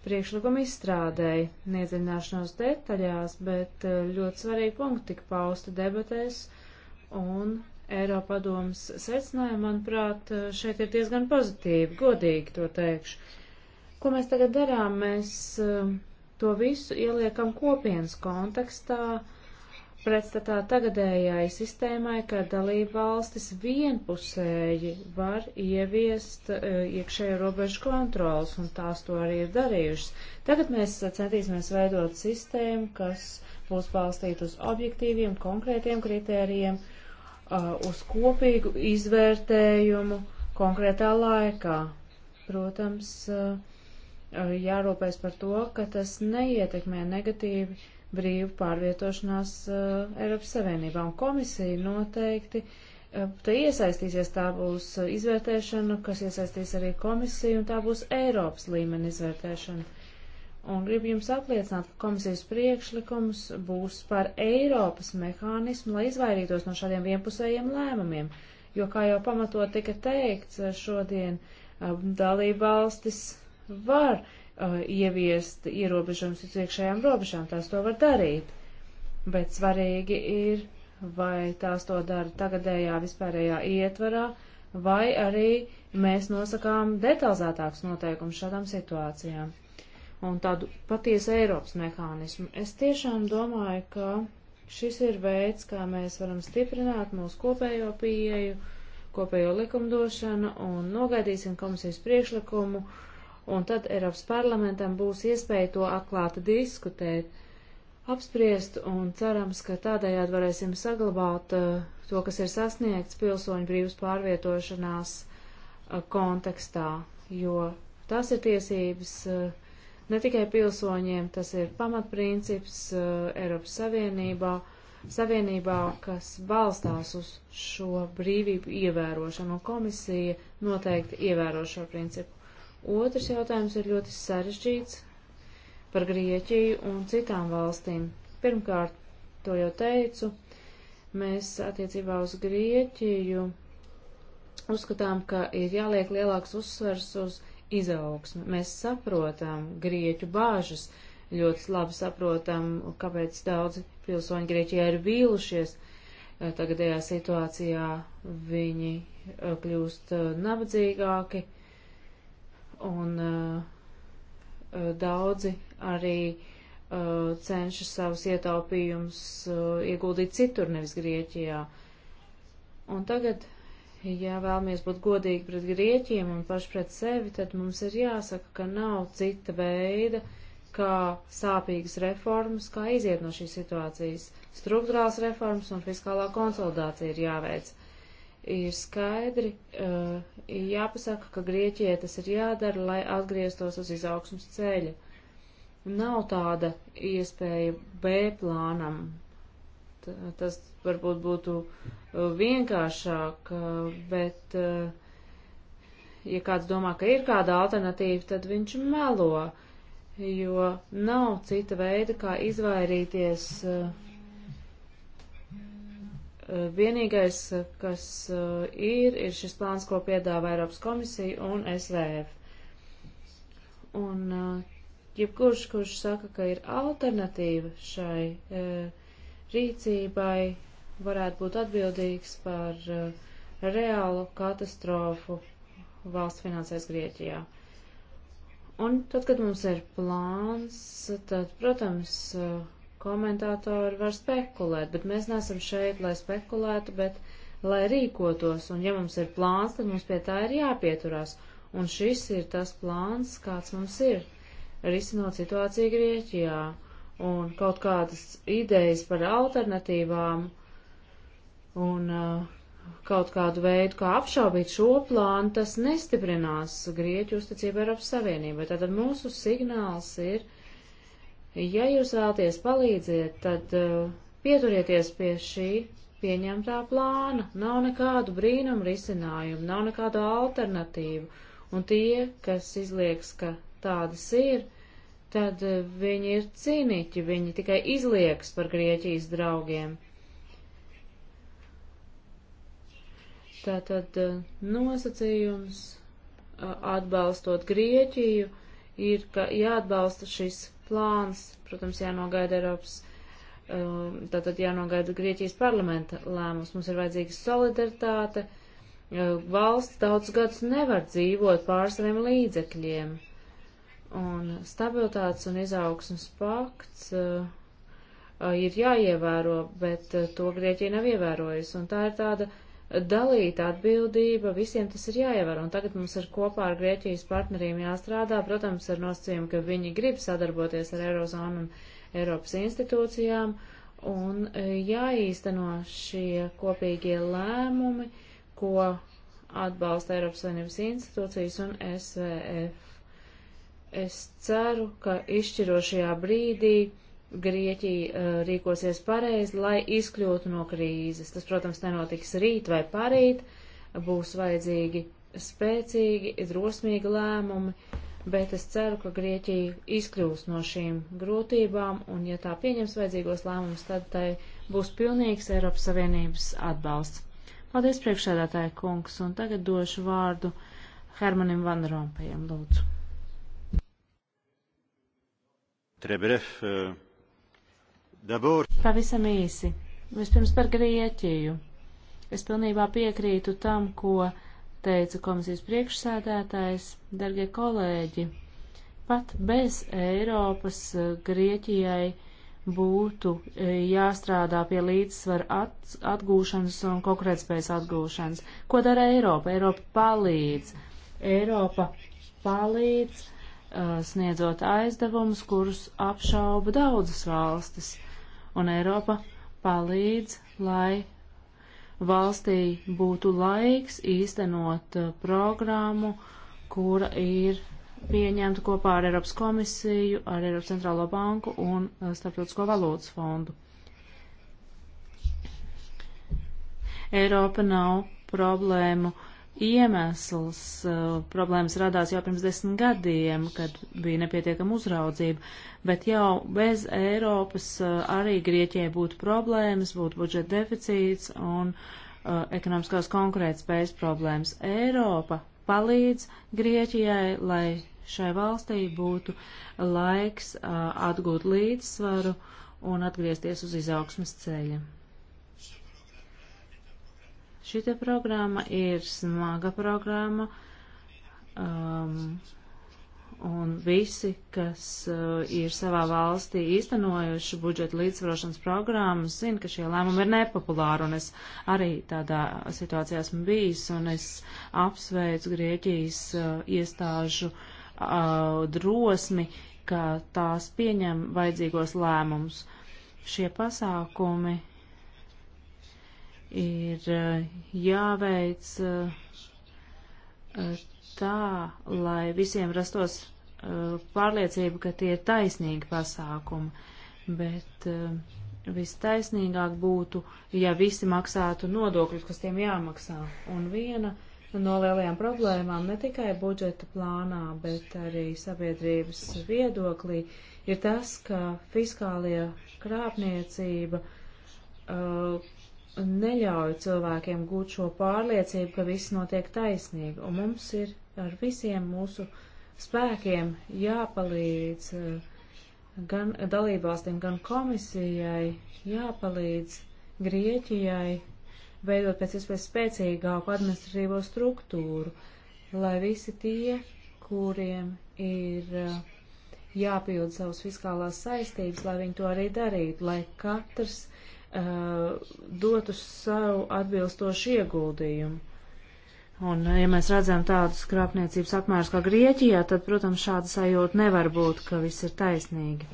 priekšlikuma izstrādēji, nedziļināšanos detaļās, bet uh, ļoti svarīgi punkti tika pausti debatēs, un Eiropadomas secinājumi, manuprāt, šeit ir diezgan pozitīvi, godīgi to teikšu. Ko mēs tagad darām? Mēs um, to visu ieliekam kopienas kontekstā, pretstatā tagadējai sistēmai, ka dalība valstis vienpusēji var ieviest uh, iekšējo robežu kontrols, un tās to arī ir darījušas. Tagad mēs uh, centīsimies veidot sistēmu, kas būs balstīta uz objektīviem, konkrētiem kritērijiem, Uh, uz kopīgu izvērtējumu konkrētā laikā. Protams, uh, uh, jārūpēs par to, ka tas neietekmē negatīvi brīvu pārvietošanās Eiropas Savienībā. Un komisija noteikti te iesaistīsies, tā būs izvērtēšana, kas iesaistīs arī komisiju, un tā būs Eiropas līmeni izvērtēšana un gribu jums apliecināt, ka komisijas priekšlikums būs par Eiropas mehānismu, lai izvairītos no šādiem vienpusējiem lēmumiem, jo, kā jau pamatot tika teikts, šodien dalība valstis var uh, ieviest ierobežojumus uz iekšējām robežām, tās to var darīt, bet svarīgi ir, vai tās to dara tagadējā vispārējā ietvarā, vai arī mēs nosakām detalizētākus noteikumus šādām situācijām un tādu patiesu Eiropas mehānismu. Es tiešām domāju, ka šis ir veids, kā mēs varam stiprināt mūsu kopējo pieeju, kopējo likumdošanu un nogaidīsim komisijas priekšlikumu, un tad Eiropas parlamentam būs iespēja to atklāti diskutēt, apspriest, un cerams, ka tādējādi varēsim saglabāt uh, to, kas ir sasniegts pilsoņu brīvas pārvietošanās uh, kontekstā, jo tas ir tiesības uh, ne tikai pilsoņiem, tas ir pamatprincips eh, Eiropas Savienībā, Savienībā, kas balstās uz šo brīvību ievērošanu, un komisija noteikti ievēro šo principu. Otrs jautājums ir ļoti sarežģīts par Grieķiju un citām valstīm. Pirmkārt, to jau teicu, mēs attiecībā uz Grieķiju uzskatām, ka ir jāliek lielāks uzsvers uz izaugsmi. Mēs saprotam grieķu bāžas, ļoti labi saprotam, kāpēc daudzi pilsoņi Grieķijā ir vīlušies. Eh, tagadējā situācijā viņi eh, kļūst eh, nabadzīgāki un daudzi arī cenšas savus ietaupījumus ieguldīt citur, nevis Grieķijā. Un tagad ja vēlamies būt godīgi pret grieķiem un paši pret sevi, tad mums ir jāsaka, ka nav cita veida, kā sāpīgas reformas, kā iziet no šīs situācijas. Struktūrāls reformas un fiskālā konsolidācija ir jāveic. Ir skaidri uh, jāpasaka, ka Grieķijai tas ir jādara, lai atgrieztos uz izaugsmas ceļa. Nav tāda iespēja B plānam. T tas varbūt būtu uh, vienkāršāk, bet, eh, ja kāds domā, ka ir kāda alternatīva, tad viņš melo, jo nav cita veida, kā izvairīties. Eh, vienīgais, kas eh, ir, ir šis plāns, ko piedāvā Eiropas komisija un SVF. Un jebkurš, kurš saka, ka ir alternatīva šai rīcībai, varētu būt atbildīgs par eh, reālu katastrofu valsts finansēs Grieķijā. Un tad, kad mums ir plāns, tad, protams, eh, komentātori var spekulēt, bet mēs nesam šeit, lai spekulētu, bet lai rīkotos. Un ja mums ir plāns, tad mums pie tā ir jāpieturās. Un šis ir tas plāns, kāds mums ir, risinot situāciju Grieķijā. Un kaut kādas idejas par alternatīvām uh, un uh, kaut kādu veidu, kā apšaubīt šo plānu, tas nestiprinās Grieķu uzticību Eiropas Savienībai. Tātad mūsu signāls ir, ja jūs vēlaties palīdziet, tad uh, pieturieties pie šī pieņemtā plāna. Nav nekādu brīnumu risinājumu, nav nekādu alternatīvu. Un tie, kas izlieks, ka tādas ir, tad uh, viņi ir cīniķi, viņi tikai izlieks par Grieķijas draugiem. Tātad eh, nosacījums atbalstot Grieķiju ir, ka jāatbalsta šis plāns, protams, jānogaida Eiropas, tātad jānogaida Grieķijas parlamenta lēmums. Mums ir vajadzīga solidaritāte. Valsts daudz gadus nevar dzīvot pār saviem līdzekļiem. Un stabilitātes un izaugsmas pakts uh, ir jāievēro, bet to Grieķija nav ievērojusi. Un tā ir tāda uh, dalīta atbildība, visiem tas ir jāievar, un tagad mums ir kopā ar Grieķijas partneriem jāstrādā, protams, ar nosacījumu, ka viņi grib sadarboties ar Eirozonu un Eiropas institūcijām, un e, jāīsteno šie kopīgie lēmumi, ko atbalsta Eiropas Savienības institūcijas un SVF. Es ceru, ka izšķirošajā brīdī Grieķija uh, rīkosies pareizi, lai izkļūtu no krīzes. Tas, protams, nenotiks rīt vai parīt, būs vajadzīgi spēcīgi, drosmīgi lēmumi, bet es ceru, ka Grieķija izkļūs no šīm grūtībām, un ja tā pieņems vajadzīgos lēmumus, tad tai būs pilnīgs Eiropas Savienības atbalsts. Paldies, priekšsēdētāja kungs, un tagad došu vārdu Hermanim Van Rompējam, lūdzu. Très bref, euh, Dabūr. Pavisam īsi. Vispirms par Grieķiju. Es pilnībā piekrītu tam, ko teica komisijas priekšsēdētājs, darbie kolēģi. Pat bez Eiropas eh, Grieķijai būtu eh, jāstrādā pie līdzsvara atgūšanas un konkrētspējas atgūšanas. Ko dara Eiropa? Eiropa palīdz. Eiropa palīdz uh, sniedzot aizdevumus, kurus apšauba daudzas valstis. Uh, un Eiropa palīdz, lai valstī būtu laiks īstenot uh, programmu, kura ir pieņemta kopā ar Eiropas komisiju, ar Eiropas centrālo banku un uh, Starptautisko valūtas fondu. Eiropa nav problēmu iemesls. Eh, problēmas radās jau pirms desmit gadiem, kad bija nepietiekama uzraudzība, bet jau bez Eiropas eh, arī Grieķijai būtu problēmas, būtu budžeta deficīts un uh, ekonomiskās konkurētspējas problēmas. Eiropa palīdz Grieķijai, lai šai valstī būtu laiks uh, atgūt līdzsvaru un atgriezties uz izaugsmas ceļa. Šita programma ir smaga programma, um, un visi, kas uh, ir savā valstī īstenojuši budžeta līdzsvarošanas programmas, zina, ka šie lēmumi ir nepopulāri, un es arī tādā situācijā esmu bijis, un es apsveicu Grieķijas uh, iestāžu uh, drosmi, ka tās pieņem vajadzīgos lēmumus. Šie pasākumi ir eh, jāveic eh, tā, lai visiem rastos eh, pārliecība, ka tie ir taisnīgi pasākumi, bet vistaisnīgāk būtu, ja visi maksātu nodokļus, kas tiem jāmaksā. Un viena no lielajām problēmām ne tikai budžeta plānā, bet arī sabiedrības viedoklī ir tas, ka fiskālie krāpniecība uh, neļauj cilvēkiem gūt šo pārliecību, ka viss notiek taisnīgi, un mums ir ar visiem mūsu spēkiem jāpalīdz eh, gan dalībvalstīm, gan komisijai, jāpalīdz Grieķijai veidot pēc iespējas spēcīgāku administratīvo struktūru, lai visi tie, kuriem ir eh, jāpild savas fiskālās saistības, lai viņi to arī darītu, lai katrs Uh, dotu savu atbilstošu ieguldījumu. Un, uh, ja mēs redzam tādus krāpniecības apmērus kā Grieķijā, tad, protams, šāda sajūta nevar būt, ka viss ir taisnīgi.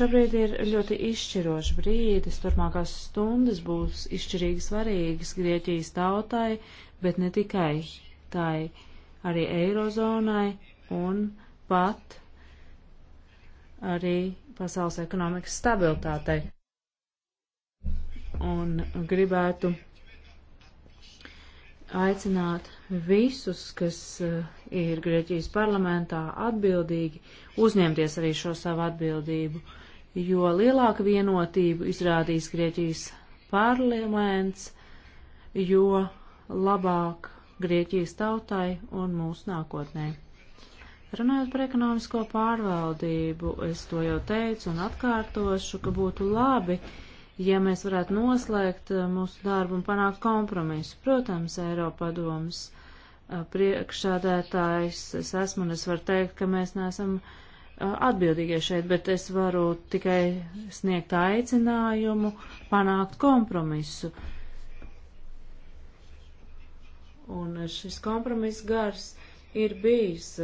Šobrīd ir ļoti izšķirošs brīdis, turpmākās stundas būs izšķirīgi svarīgas Grieķijas tautai, bet ne tikai tai, arī Eirozonai un pat arī pasaules ekonomikas stabilitātei un gribētu aicināt visus, kas eh, ir Grieķijas parlamentā atbildīgi, uzņemties arī šo savu atbildību, jo lielāka vienotība izrādīs Grieķijas parlaments, jo labāk Grieķijas tautai un mūsu nākotnē. Runājot par ekonomisko pārvaldību, es to jau teicu un atkārtošu, ka būtu labi, uh, ja mēs varētu noslēgt eh, mūsu darbu un panākt kompromisu. Protams, Eiropadomas eh, priekšādētājs es esmu un es varu teikt, ka mēs neesam eh, atbildīgie šeit, bet es varu tikai sniegt aicinājumu panākt kompromisu. Un šis kompromiss gars ir bijis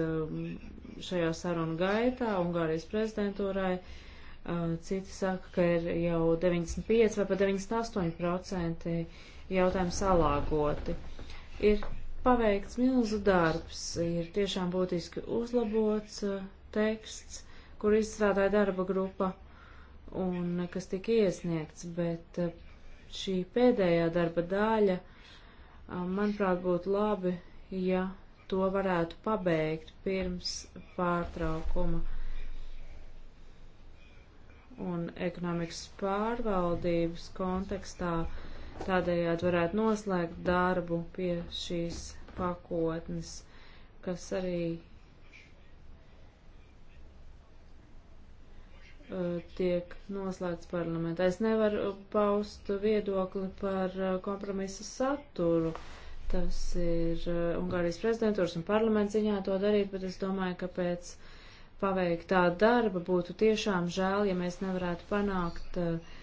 šajā sarunu gaitā Ungārijas prezidentūrai. Uh, Eh, citi saka, ka ir jau 95 vai pat 98% jautājumu salāgoti. Ir paveikts milzu darbs, ir tiešām būtiski uzlabots eh, teksts, kur izstrādāja darba grupa un kas tika iesniegts, bet eh, šī pēdējā darba daļa, manuprāt, būtu labi, ja to varētu pabeigt pirms pārtraukuma un ekonomikas pārvaldības kontekstā tādējādi varētu noslēgt darbu pie šīs pakotnes, kas arī uh, tiek noslēgts parlamentā. Es nevaru paust viedokli par uh, kompromisa saturu. Tas ir uh, Ungārijas prezidentūras un parlaments ziņā to darīt, bet es domāju, ka pēc uh, paveiktā darba. Būtu tiešām žēl, ja mēs nevarētu panākt uh,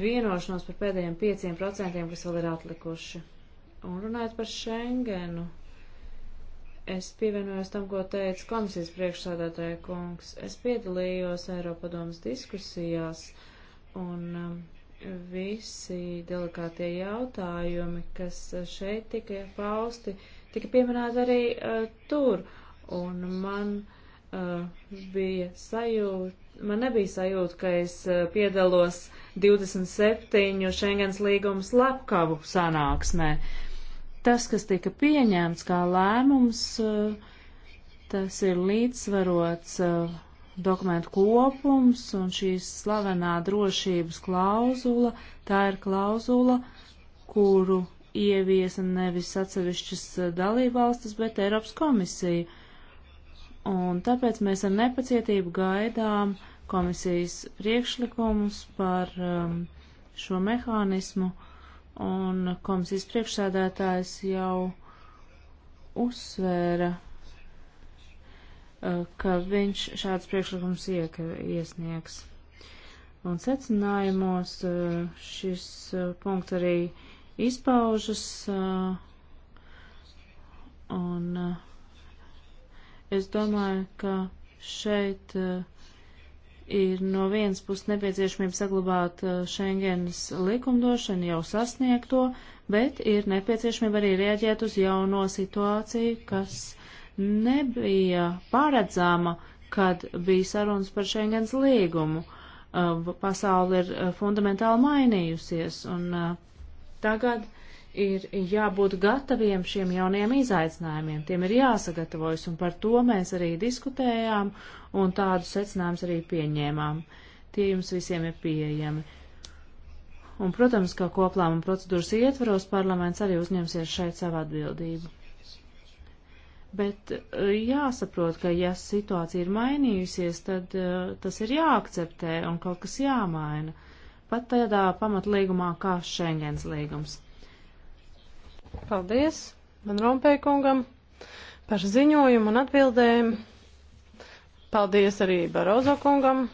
vienošanos par pēdējiem 5%, kas vēl ir atlikuši. Un runājot par Schengenu, es pievienojos tam, ko teica komisijas priekšsādātāja kungs. Es piedalījos Eiropadomas diskusijās un um, visi delikātie jautājumi, kas šeit tika pausti, tika pieminēti arī uh, tur. Un man uh, Uh, bija sajūta, man nebija sajūta, ka es uh, piedalos 27 Schengens līguma slepkavu sanāksmē. Tas, kas tika pieņemts kā lēmums, uh, tas ir līdzsvarots dokumentu kopums un šīs slavenā drošības klauzula, tā ir klauzula, kuru ieviesa nevis atsevišķas dalībvalstis, bet Eiropas komisija un tāpēc mēs ar nepacietību gaidām komisijas priekšlikumus par um, šo mehānismu, un komisijas priekšsēdētājs jau uzsvēra, uh, ka viņš šāds priekšlikums iek, iesniegs. Un secinājumos uh, šis uh, punkts arī izpaužas, uh, un uh, Es domāju, ka šeit eh, ir no vienas puses nepieciešamība saglabāt eh, Schengenas likumdošanu jau sasniegto, bet ir nepieciešamība arī rēģēt uz jauno situāciju, kas nebija paredzama, kad bija sarunas par Schengenas līgumu. Eh, Pasauli ir fundamentāli mainījusies, un tagad ir jābūt gataviem šiem jaunajiem izaicinājumiem, tiem ir jāsagatavojas, un par to mēs arī diskutējām, un tādus secinājumus arī pieņēmām. Tie jums visiem ir pieejami. Un, protams, ka koplāma procedūras ietvaros parlaments arī uzņemsies šeit savu atbildību. Bet eh, jāsaprot, ka ja situācija ir mainījusies, tad uh, tas ir jāakceptē un kaut kas jāmaina. Pat tādā pamatlīgumā kā Schengens līgums. Paldies man Rompēkungam par ziņojumu un atbildēm. Paldies arī Barozo kungam.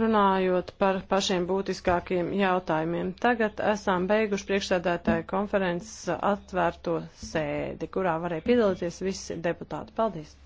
Runājot par pašiem būtiskākiem jautājumiem, tagad esam beiguši priekšsēdētāju konferences atvērto sēdi, kurā varēja piedalīties visi deputāti. Paldies!